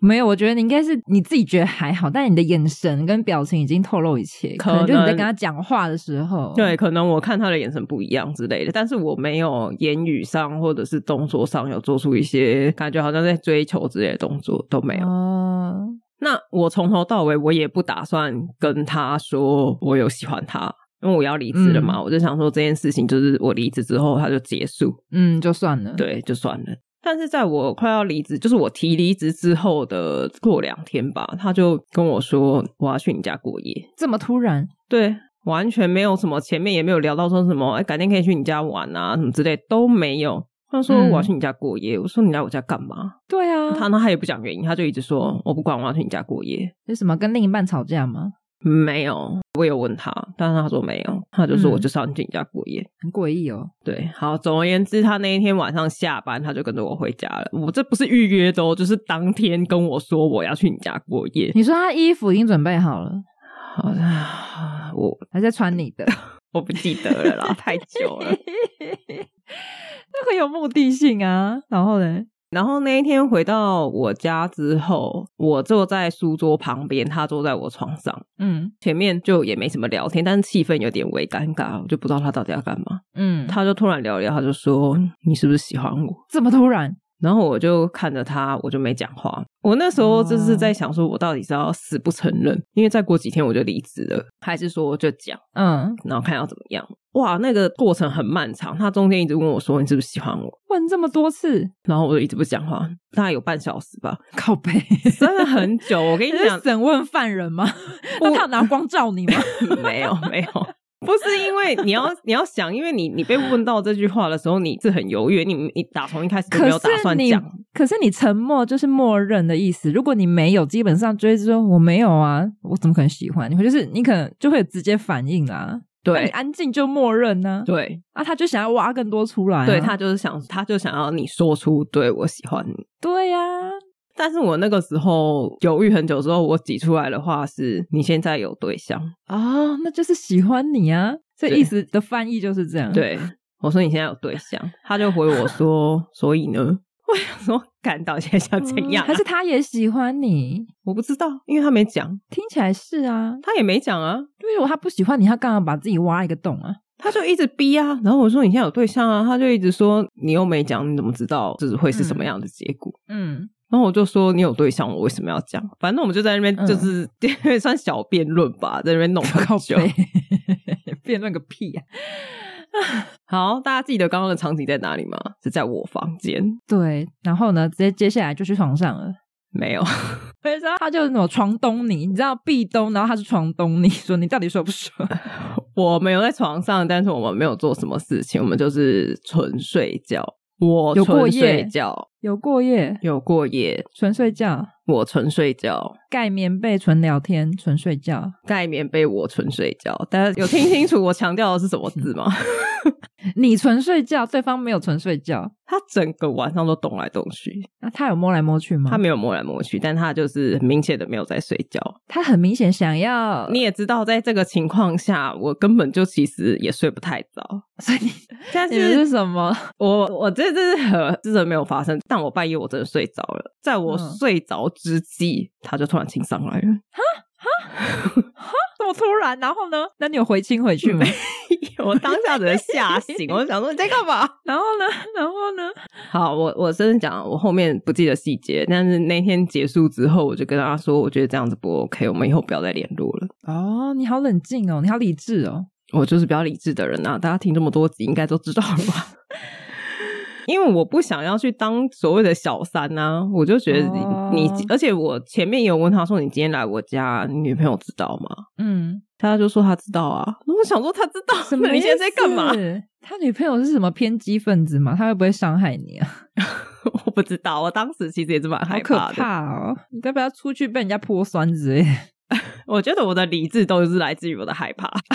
沒有，我覺得你應該是你自己覺得還好，但你的眼神跟表情已經透露一切。可能，可能就你在跟他講話的時候，對，可能我看他的眼神不一樣之類的。但是我沒有言語上或者是動作上有做出一些感覺，好像在追求之類的動作都沒有。嗯那我從頭到尾，我也不打算跟他說我有喜歡他，因為我要離職了嘛、嗯。我就想說這件事情，就是我離職之後他就結束，嗯，就算了，對，就算了。但是在我快要離職，就是我提離職之後的過兩天吧，他就跟我說我要去你家過夜。這麼突然？對，完全沒有什麼，前面也沒有聊到說什麼，哎、欸，改天可以去你家玩啊，什麼之類都沒有。他說我要去你家過夜、嗯，我說你來我家幹嘛？對啊，他呢，他也不講原因，他就一直說、嗯、我不管，我要去你家過夜。為什麼，跟另一半吵架嗎？沒有，我有問他，但是他說沒有，他就說我就是要你去你家過夜、嗯，很詭異哦。對，好，總而言之，他那一天晚上下班，他就跟着我回家了。我這不是預約的，就是當天跟我說我要去你家過夜。你說他衣服已經準備好了？好的，我還在穿你的， (laughs) 我不記得了啦，太久了。 (laughs) 他很有目的性啊，然後呢？然後那一天回到我家之後，我坐在書桌旁邊，他坐在我床上，嗯，前面就也沒什麼聊天，但是氣氛有點微尷尬，我就不知道他到底要幹嘛。嗯，他就突然聊聊，他就說：“你是不是喜歡我？”這麼突然？然後我就看着他，我就沒講話。我那時候就是在想說我到底是要死不承認，因為再過幾天我就離職了，還是說我就講，嗯，然後看要怎麼樣。哇，那個過程很漫長，他中間一直問我說：“你是不是喜歡我？”問這麼多次，然後我就一直不講話，大概有半小時吧，靠北，真的很久。我跟你講，審問犯人嗎？我那他有拿光照你嗎？ (laughs) 沒有，沒有。 (laughs) 不是因為你要你要想，因為你你被問到這句話的時候，你是很猶豫，你你打從一開始就沒有打算講可。可是你沉默就是默認的意思。如果你沒有，基本上就是說我沒有啊，我怎麼可能喜歡你？就是你可能就會直接反應啊。對，你安靜就默認呢、啊。對，啊，他就想要挖更多出來、啊。對，他就是想，他就想要你說出對我喜歡你。對呀、啊。但是我那個時候猶豫很久之後，我擠出來的話是：“你現在有對象啊、哦？那就是喜歡你啊！”這意思的翻譯就是這樣。對我說：“你現在有對象？”他就回我說：“ (laughs) 所以呢？”我說：“感到現在想怎樣、啊嗯？”還是他也喜歡你？我不知道，因為他沒講。聽起來是啊，他也沒講啊。因為如果他不喜歡你，他幹嘛把自己挖一個洞啊？他就一直逼啊。然後我說：“你現在有對象啊？”他就一直說：“你又沒講，你怎麼知道這、就是會是什麼樣的結果？”嗯。嗯然後我就說，你有對象，我為什麼要講？反正我們就在那邊，就是因為、嗯、 (laughs) 算小辯論吧，在那邊弄了好久。 (laughs) 辯論個屁啊！ (laughs) 好，大家記得剛剛的場景在哪裡嗎？是在我房間。對，然後呢，直接接下來就去床上了。沒有，所以說他就是那種床咚你，你知道壁咚，然後他是床咚，你說你到底說不說？ (laughs) 我沒有在床上，但是我們沒有做什麼事情，我們就是純睡覺。我純睡覺，有過夜，有過夜，純睡覺，我純睡覺，蓋棉被，純聊天，純睡覺，蓋棉被，我純睡覺。大家有聽清楚我強調的是什麼字嗎？ (laughs) 你純睡覺，對方沒有純睡覺，他整個晚上都動來動去。那他有摸來摸去嗎？他沒有摸來摸去，但他就是很明顯的沒有在睡覺。他很明顯想要。你也知道，在這個情況下，我根本就其實也睡不太着。 (laughs) 所以你，現在是，是什麼？我我這這是真的沒有發生，但我半夜我真的睡着了。在我睡着之際，嗯、他就突然親上來了。哈！哈哈，這麼突然，然後呢？ (laughs) 那你有回親回去沒有？ (laughs) (laughs) 我當下子接嚇醒，我想說你在幹嘛？ (laughs) 然後呢？然後呢？好，我我真的講，我後面不記得細節，但是那天結束之後，我就跟他說，我覺得這樣子不 OK，我們以後不要再聯絡了。哦，你好冷靜哦，你好理智哦， (laughs) 我就是比較理智的人啊。大家聽這麼多集，應該都知道了吧？ (laughs) 因為我不想要去當所謂的小三吶、啊，我就覺得你，哦、你而且我前面有問他說，你今天來我家，你女朋友知道嗎？嗯，他就說他知道啊。那我想說他知道，什麼你現在在幹嘛？他女朋友是什麼偏激分子嘛？他會不會傷害你啊？ (laughs) 我不知道，我當時其實也是蠻害怕的。好可怕哦！你該不要出去被人家潑酸子？ (laughs) (laughs) 我覺得我的理智都是來自於我的害怕。 (laughs)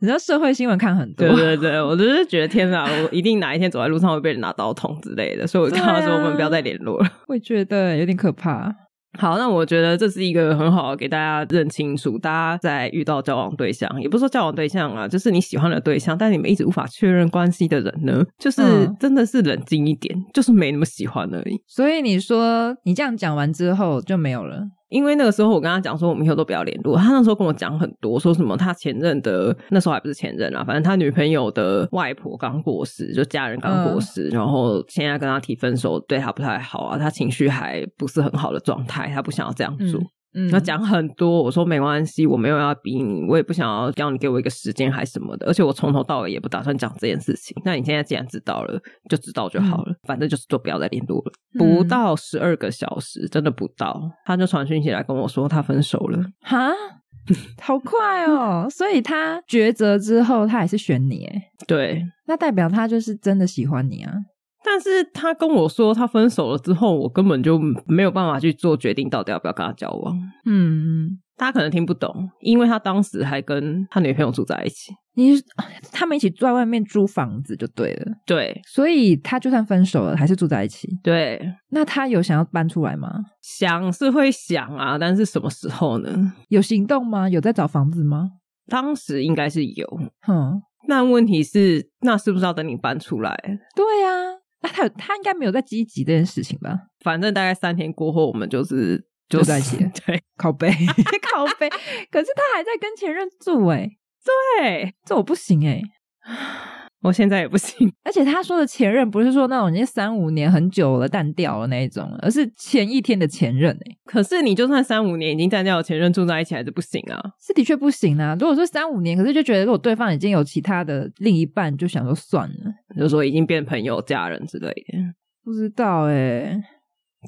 你知道社會新聞看很多，對對對，我就是覺得天哪， (laughs) 我一定哪一天走在路上會被人拿刀捅之類的，所以我跟他說我們不要再聯絡了。啊、我也覺得有點可怕。好，那我覺得這是一個很好給大家認清楚，大家在遇到交往對象，也不是說交往對象啊，就是你喜歡的對象，但你們一直無法確認關係的人呢，就是真的是冷靜一點，就是沒那麼喜歡而已。嗯、所以你說你這樣講完之後就沒有了。因為那個時候我跟他講說，我們以後都不要聯絡。他那時候跟我講很多，說什麼他前任的，那時候還不是前任啊，反正他女朋友的外婆剛過世，就家人剛過世，嗯，然後現在跟他提分手，對他不太好啊，他情緒還不是很好的狀態，他不想要這樣做。嗯嗯，他講很多，我說沒關係，我沒有要逼你，我也不想要要你給我一個時間還什麼的，而且我從頭到尾也不打算講這件事情。那你現在既然知道了，就知道就好了，嗯、反正就是都不要再聯絡了。嗯、不到十二個小時，真的不到，他就傳訊息來跟我說他分手了。哈，好快哦！ (laughs) 所以他抉擇之後，他還是選你誒，對，那代表他就是真的喜歡你啊。但是他跟我說他分手了之後，我根本就沒有辦法去做決定，到底要不要跟他交往。嗯，大家可能聽不懂，因為他當時還跟他女朋友住在一起，你他們一起住在外面租房子就對了。對，所以他就算分手了還是住在一起。對，那他有想要搬出來嗎？想是會想啊，但是什麼時候呢？有行動嗎？有在找房子嗎？當時應該是有。嗯，那問題是，那是不是要等你搬出來？對呀、啊。那他他應該沒有在積極這件事情吧？反正大概三天過後，我們就是就在一起了，對，靠背 (laughs) (laughs) 靠背杯。 (laughs) 可是他還在跟前任住哎、欸，對，這我不行哎、欸，我現在也不行。而且他說的前任不是說那種已經三五年很久了淡掉了那一種，而是前一天的前任哎、欸。可是你就算三五年已經淡掉的前任住在一起還是不行啊，是的確不行啊。如果說三五年，可是就覺得如果對方已經有其他的另一半，就想說算了。就說已經變朋友、家人之類的，不知道哎、欸。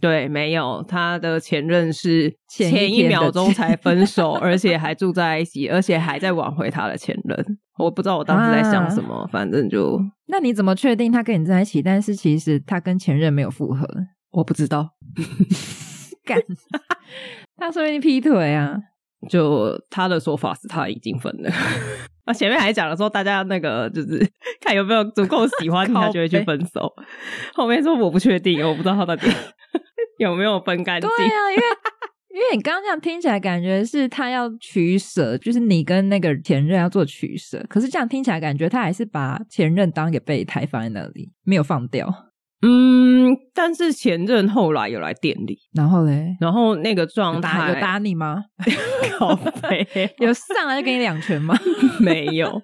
對，沒有他的前任是前一秒鐘才分手， (laughs) 而且還住在一起，而且還在挽回他的前任。我不知道我當時在想什麼，啊、反正就……那你怎麼確定他跟你在一起，但是其實他跟前任沒有復合？我不知道，幹 (laughs) (laughs) (laughs) (laughs) 他說明你劈腿啊！就他的說法是他已經分了。 (laughs) 啊，前面還講了說，大家那個就是看有沒有足夠喜歡，他就會去分手。後面說我不確定，我不知道他到底有沒有分乾淨。對啊，因為因為你剛剛這樣聽起來，感覺是他要取捨，就是你跟那個前任要做取捨。可是這樣聽起來，感覺他還是把前任當一個備胎放在那裡，沒有放掉。嗯。但是前任後來有來店裡，然後嘞，然後那個狀態有打你嗎？ (laughs) 白我 (laughs) 有上來就給你兩拳嗎？ (laughs) 沒有，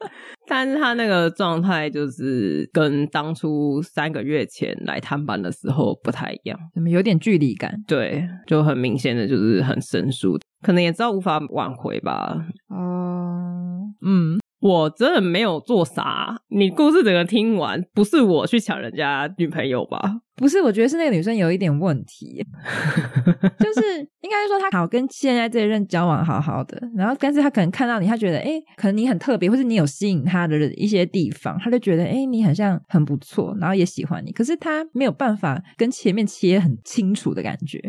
但是他那個狀態就是跟當初三個月前來探班的時候不太一樣，怎麼有點距離感？對，就很明顯的就是很生疏，可能也知道無法挽回吧。哦、uh...，嗯。我真的沒有做啥，你故事整個聽完，不是我去搶人家女朋友吧？不是，我覺得是那個女生有一點問題， (laughs) 就是應該說她好跟現在這一任交往好好的，然後，但是她可能看到你，她覺得哎、欸，可能你很特別，或是你有吸引她的一些地方，她就覺得哎、欸，你好像很不錯，然後也喜歡你，可是她沒有辦法跟前面切很清楚的感覺。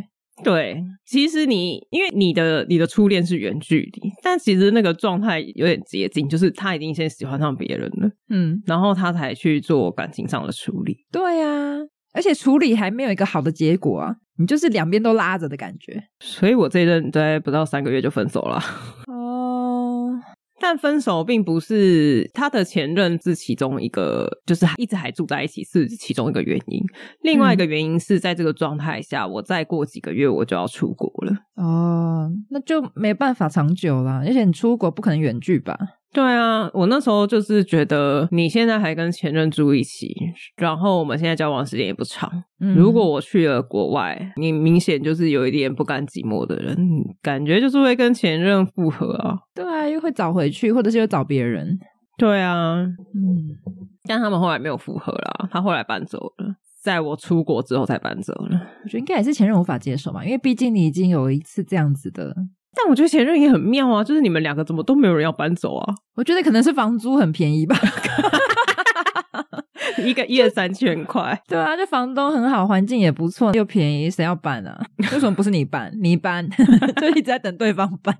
對，其實你因為你的你的初戀是遠距離，但其實那個狀態有點接近，就是他已經先喜歡上別人了，嗯，然後他才去做感情上的處理。對啊，而且處理還沒有一個好的結果啊，你就是兩邊都拉着的感覺。所以我這一陣在不到三個月就分手了啊。哦。但分手並不是，他的前任是其中一個，就是還一直還住在一起是其中一個原因。另外一個原因是在這個狀態下，嗯，我再過幾個月我就要出國了。哦，那就沒辦法長久了。而且你出國不可能遠距吧？對啊，我那時候就是覺得你現在還跟前任住一起，然後我們現在交往時間也不長。嗯。如果我去了國外，你明顯就是有一點不甘寂寞的人，感覺就是會跟前任復合啊。對啊，又會找回去，或者是又找別人。對啊，嗯，但他們後來沒有復合了，他後來搬走了，在我出國之後才搬走了。我覺得應該也是前任無法接受吧，因為畢竟你已經有一次這樣子的。但我覺得前任也很妙啊，就是你們兩個怎麼都沒有人要搬走啊？我覺得可能是房租很便宜吧 (laughs) (laughs) (laughs) 一個月三千塊。對啊，這房東很好，環境也不錯，又便宜，誰要搬啊？為什麼不是你搬？你搬 (laughs) 就一直在等對方搬。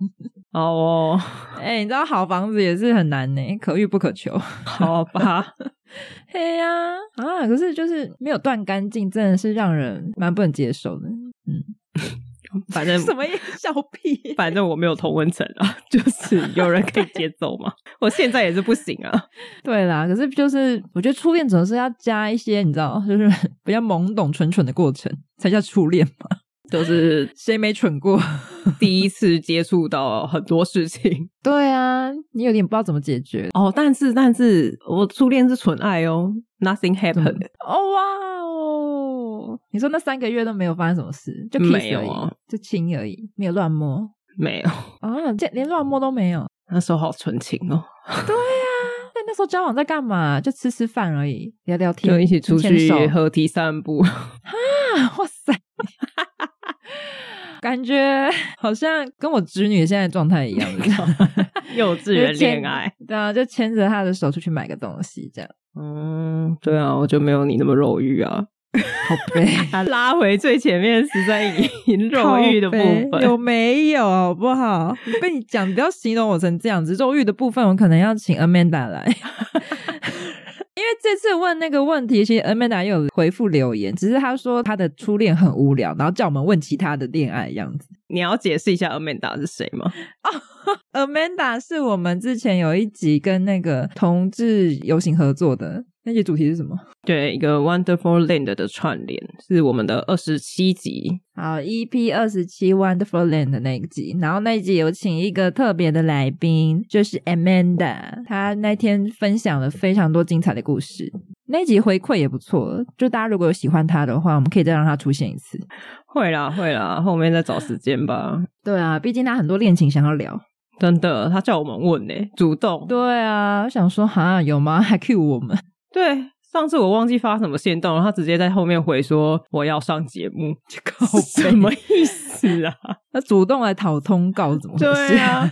哦，哎，你知道好房子也是很難呢、欸，可遇不可求。 (laughs) 好吧， (laughs) 嘿呀啊，啊！可是就是沒有斷乾淨，真的是讓人蠻不能接受的。嗯。 (laughs) 反正什麼笑屁，反正我沒有同溫層啊， (laughs) 就是有人可以接走嘛。 (laughs) 我現在也是不行啊，對啦。可是就是我覺得初戀總是要加一些，你知道，就是比較懵懂、蠢蠢的過程，才叫初戀嘛。就是誰沒蠢過？ (laughs) 第一次接觸到很多事情，對啊，你有點不知道怎麼解決哦。但是，但是我初戀是純愛哦。Nothing happened. 哦哇哦！Oh, wow! 你說那三個月都沒有發生什麼事，就沒有、啊，就親而已，沒有亂摸，沒有啊這，連亂摸都沒有。那時候好純情哦。 (laughs) 對啊，那那時候交往在幹嘛？就吃吃飯而已，聊聊天，就一起出去合體散步。 (laughs) 啊，哇塞！ (laughs) 感覺好像跟我侄女現在狀態一樣，就是這樣 (laughs) 幼稚園戀愛，對啊，就牽着她的手出去買個東西這樣。嗯，對啊，我就沒有你那麼肉慾啊，好悲。他拉回最前面是在引肉慾的部分，有沒有？好不好？被你講，不要形容我成這樣子，肉慾的部分，我可能要請 Amanda 來。 (laughs) 因為這次問那個問題，其實 Amanda 也有回復留言，只是他說他的初戀很無聊，然後叫我們問其他的戀愛的樣子。你要解釋一下 Amanda 是誰嗎？哦，Amanda 是我們之前有一集跟那個同志遊行合作的。那集主題是什麼？對，一個 Wonderful Land 的串聯是我們的二十七集。好，EP 二十七 Wonderful Land 的那一集，然後那一集有請一個特別的來賓，就是 Amanda。她那天分享了非常多精彩的故事，那集回饋也不錯。就大家如果有喜歡他的話，我們可以再讓他出現一次。會啦，會啦，後面再找時間吧。 (laughs) 對啊，畢竟他很多戀情想要聊，真的，他叫我們問呢、欸，主動。對啊，我想說，哈，有嗎？還 cue 我們？對，上次我忘記發什麼限動，然後他直接在後面回說我要上節目，這個什麼意思啊？ (laughs) 他主動來討通告怎麼回事啊？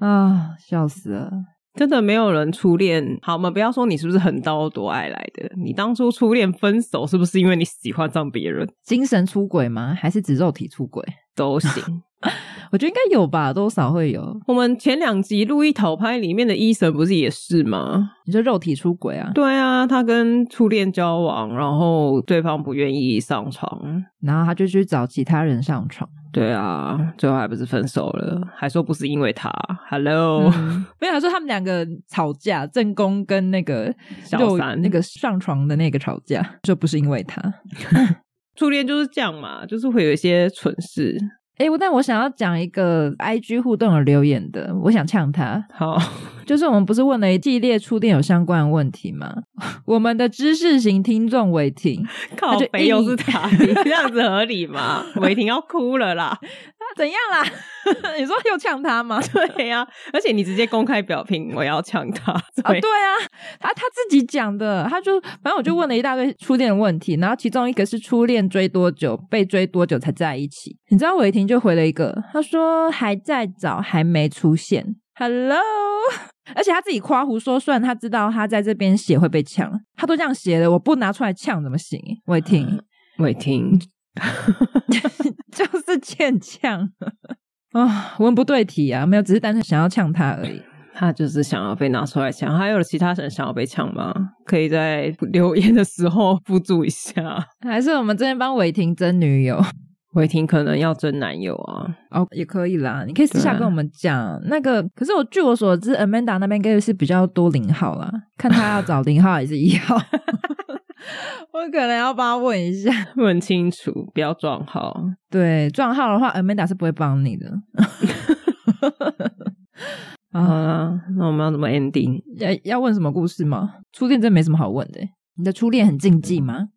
(laughs) 啊，笑死了！真的沒有人初戀好嗎？不要說，你是不是橫刀奪愛來的？你當初初戀分手是不是因為你喜歡上別人？精神出軌嗎？還是指肉體出軌都行？ (laughs) 我覺得應該有吧，多少會有。我們前兩集《錄一頭拍》裡面的醫生不是也是嗎？你說肉體出軌啊？對啊，他跟初戀交往，然後對方不願意上床，然後他就去找其他人上床。對啊，最後還不是分手了？嗯、還說不是因為他？Hello，、嗯、沒有還說他們兩個吵架，正宮跟那個小三那個上床的那個吵架，就不是因為他？ (laughs) 初戀就是這樣嘛，就是會有一些蠢事。哎、欸，我但我想要講一個 I G 互動而留言的，我想嗆他。好，就是我們不是問了一系列觸電有相關的問題嗎？我們的知識型聽眾偉霆靠北又是他，這樣子合理嗎？偉 (laughs) 霆要哭了啦。怎樣啦？ (laughs) 你說又嗆他嗎？對呀、啊，而且你直接公開表評，我要嗆他啊！對啊，他、啊、他自己講的，他就反正我就問了一大堆初戀的問題、嗯，然後其中一個是初戀追多久，被追多久才在一起？你知道偉霆就回了一個，他說還在找，還沒出現。Hello， (laughs) 而且他自己誇胡說算，他知道他在這邊寫會被嗆，他都這樣寫了，我不拿出來嗆怎麼行？偉霆，偉霆。 (laughs) (laughs) 就是欠嗆啊，文不對題啊，沒有，只是單純想要嗆他而已。他就是想要被拿出來嗆，還有其他人想要被嗆嗎？可以在留言的時候附註一下，還是我們這邊幫偉霆爭女友？回聽可能要真男友啊，哦，也可以啦，你可以私下跟我們講那個。可是我據我所知，Amanda 那邊應該是比較多零號啦。看他要找零號還是一號， (laughs) (laughs) 我可能要幫他問一下，問清楚，不要撞號。對，撞號的話，Amanda 是不會幫你的。 (laughs) 好，那我們要怎麼 ending？要要問什麼故事嗎？初戀真的沒什麼好問的欸。你的初戀很禁忌嗎？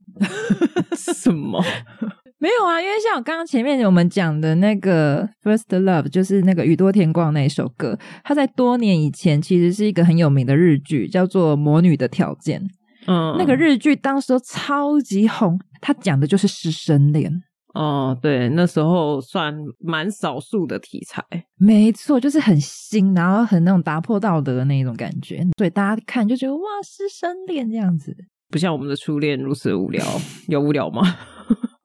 什麼？ (laughs) 沒有啊，因為像我剛剛前面我們講的那個 first love，就是那個宇多田光那一首歌，它在多年以前其實是一個很有名的日劇，叫做《魔女的條件》。嗯，那個日劇當時都超級紅，它講的就是師生戀。哦，對，那時候算蠻少數的題材。沒錯，就是很新，然後很那種打破道德的那種感覺，所以大家看就覺得哇，師生戀這樣子，不像我們的初戀如此無聊，有無聊嗎？ (laughs)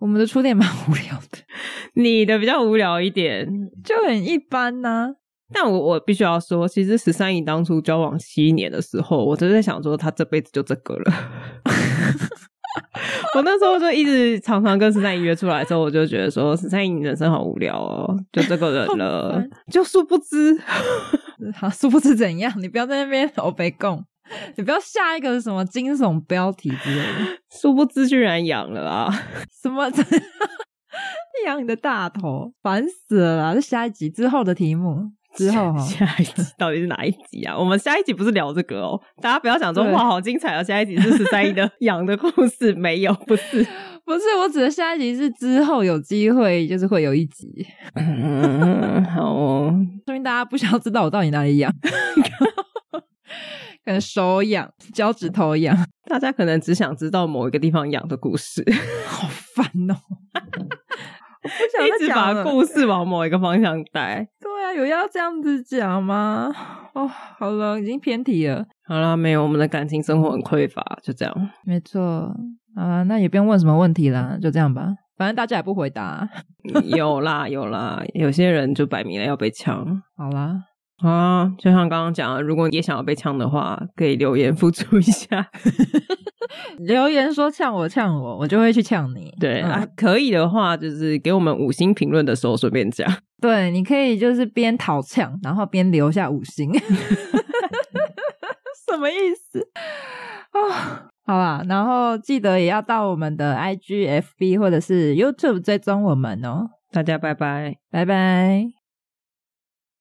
我們的初戀蠻無聊的，你的比較無聊一點，就很一般吶、啊。但我我必須要說，其實十三姨當初交往七年的時候，我就是在想說，他這輩子就這個了。 (laughs) (laughs) 我那時候就一直常常跟十三姨約出來之後，我就覺得說，十三姨人生好無聊哦，就這個人了，就殊不知，好殊不知怎樣？你不要在那邊老被供。你不要下一個是什麼驚悚標題之類的，殊不知居然癢了啊！什麼癢你的大頭，煩死了啦！這下一集之後的題目，之後下一集到底是哪一集啊？我們下一集不是聊這個哦，大家不要想說哇，好精彩哦！下一集是十三姨的癢的故事，沒有， (laughs) 不是，不是，我指的下一集是之後有機會，就是會有一集。嗯， (laughs) 好、哦，說明大家不想要知道我到底哪裡癢。 (laughs) 可能手癢，腳趾頭癢。大家可能只想知道某一個地方癢的故事，好煩哦、喔！ (laughs) (laughs) 我不想一直把故事往某一個方向帶。 (laughs) 對啊，有要這樣子講嗎？哦、oh，好了，已經偏題了。好了，沒有我們的感情生活很匱乏，就這樣。沒錯啊，那也不用問什麼問題啦，就這樣吧。反正大家也不回答。 (laughs) 有啦，有啦，有些人就擺明了要被嗆。好了。啊，就像剛剛講的，如果你也想要被嗆的話，可以留言付出一下， (laughs) 留言說嗆我嗆我，我就會去嗆你。對、嗯、啊，可以的話，就是給我們五星評論的時候順便講。對，你可以就是邊討嗆，然後邊留下五星， (laughs) (laughs) (laughs) 什麼意思？哦，好吧，然後記得也要到我們的 IGFB 或者是 YouTube 追蹤我們哦。大家拜拜，拜拜。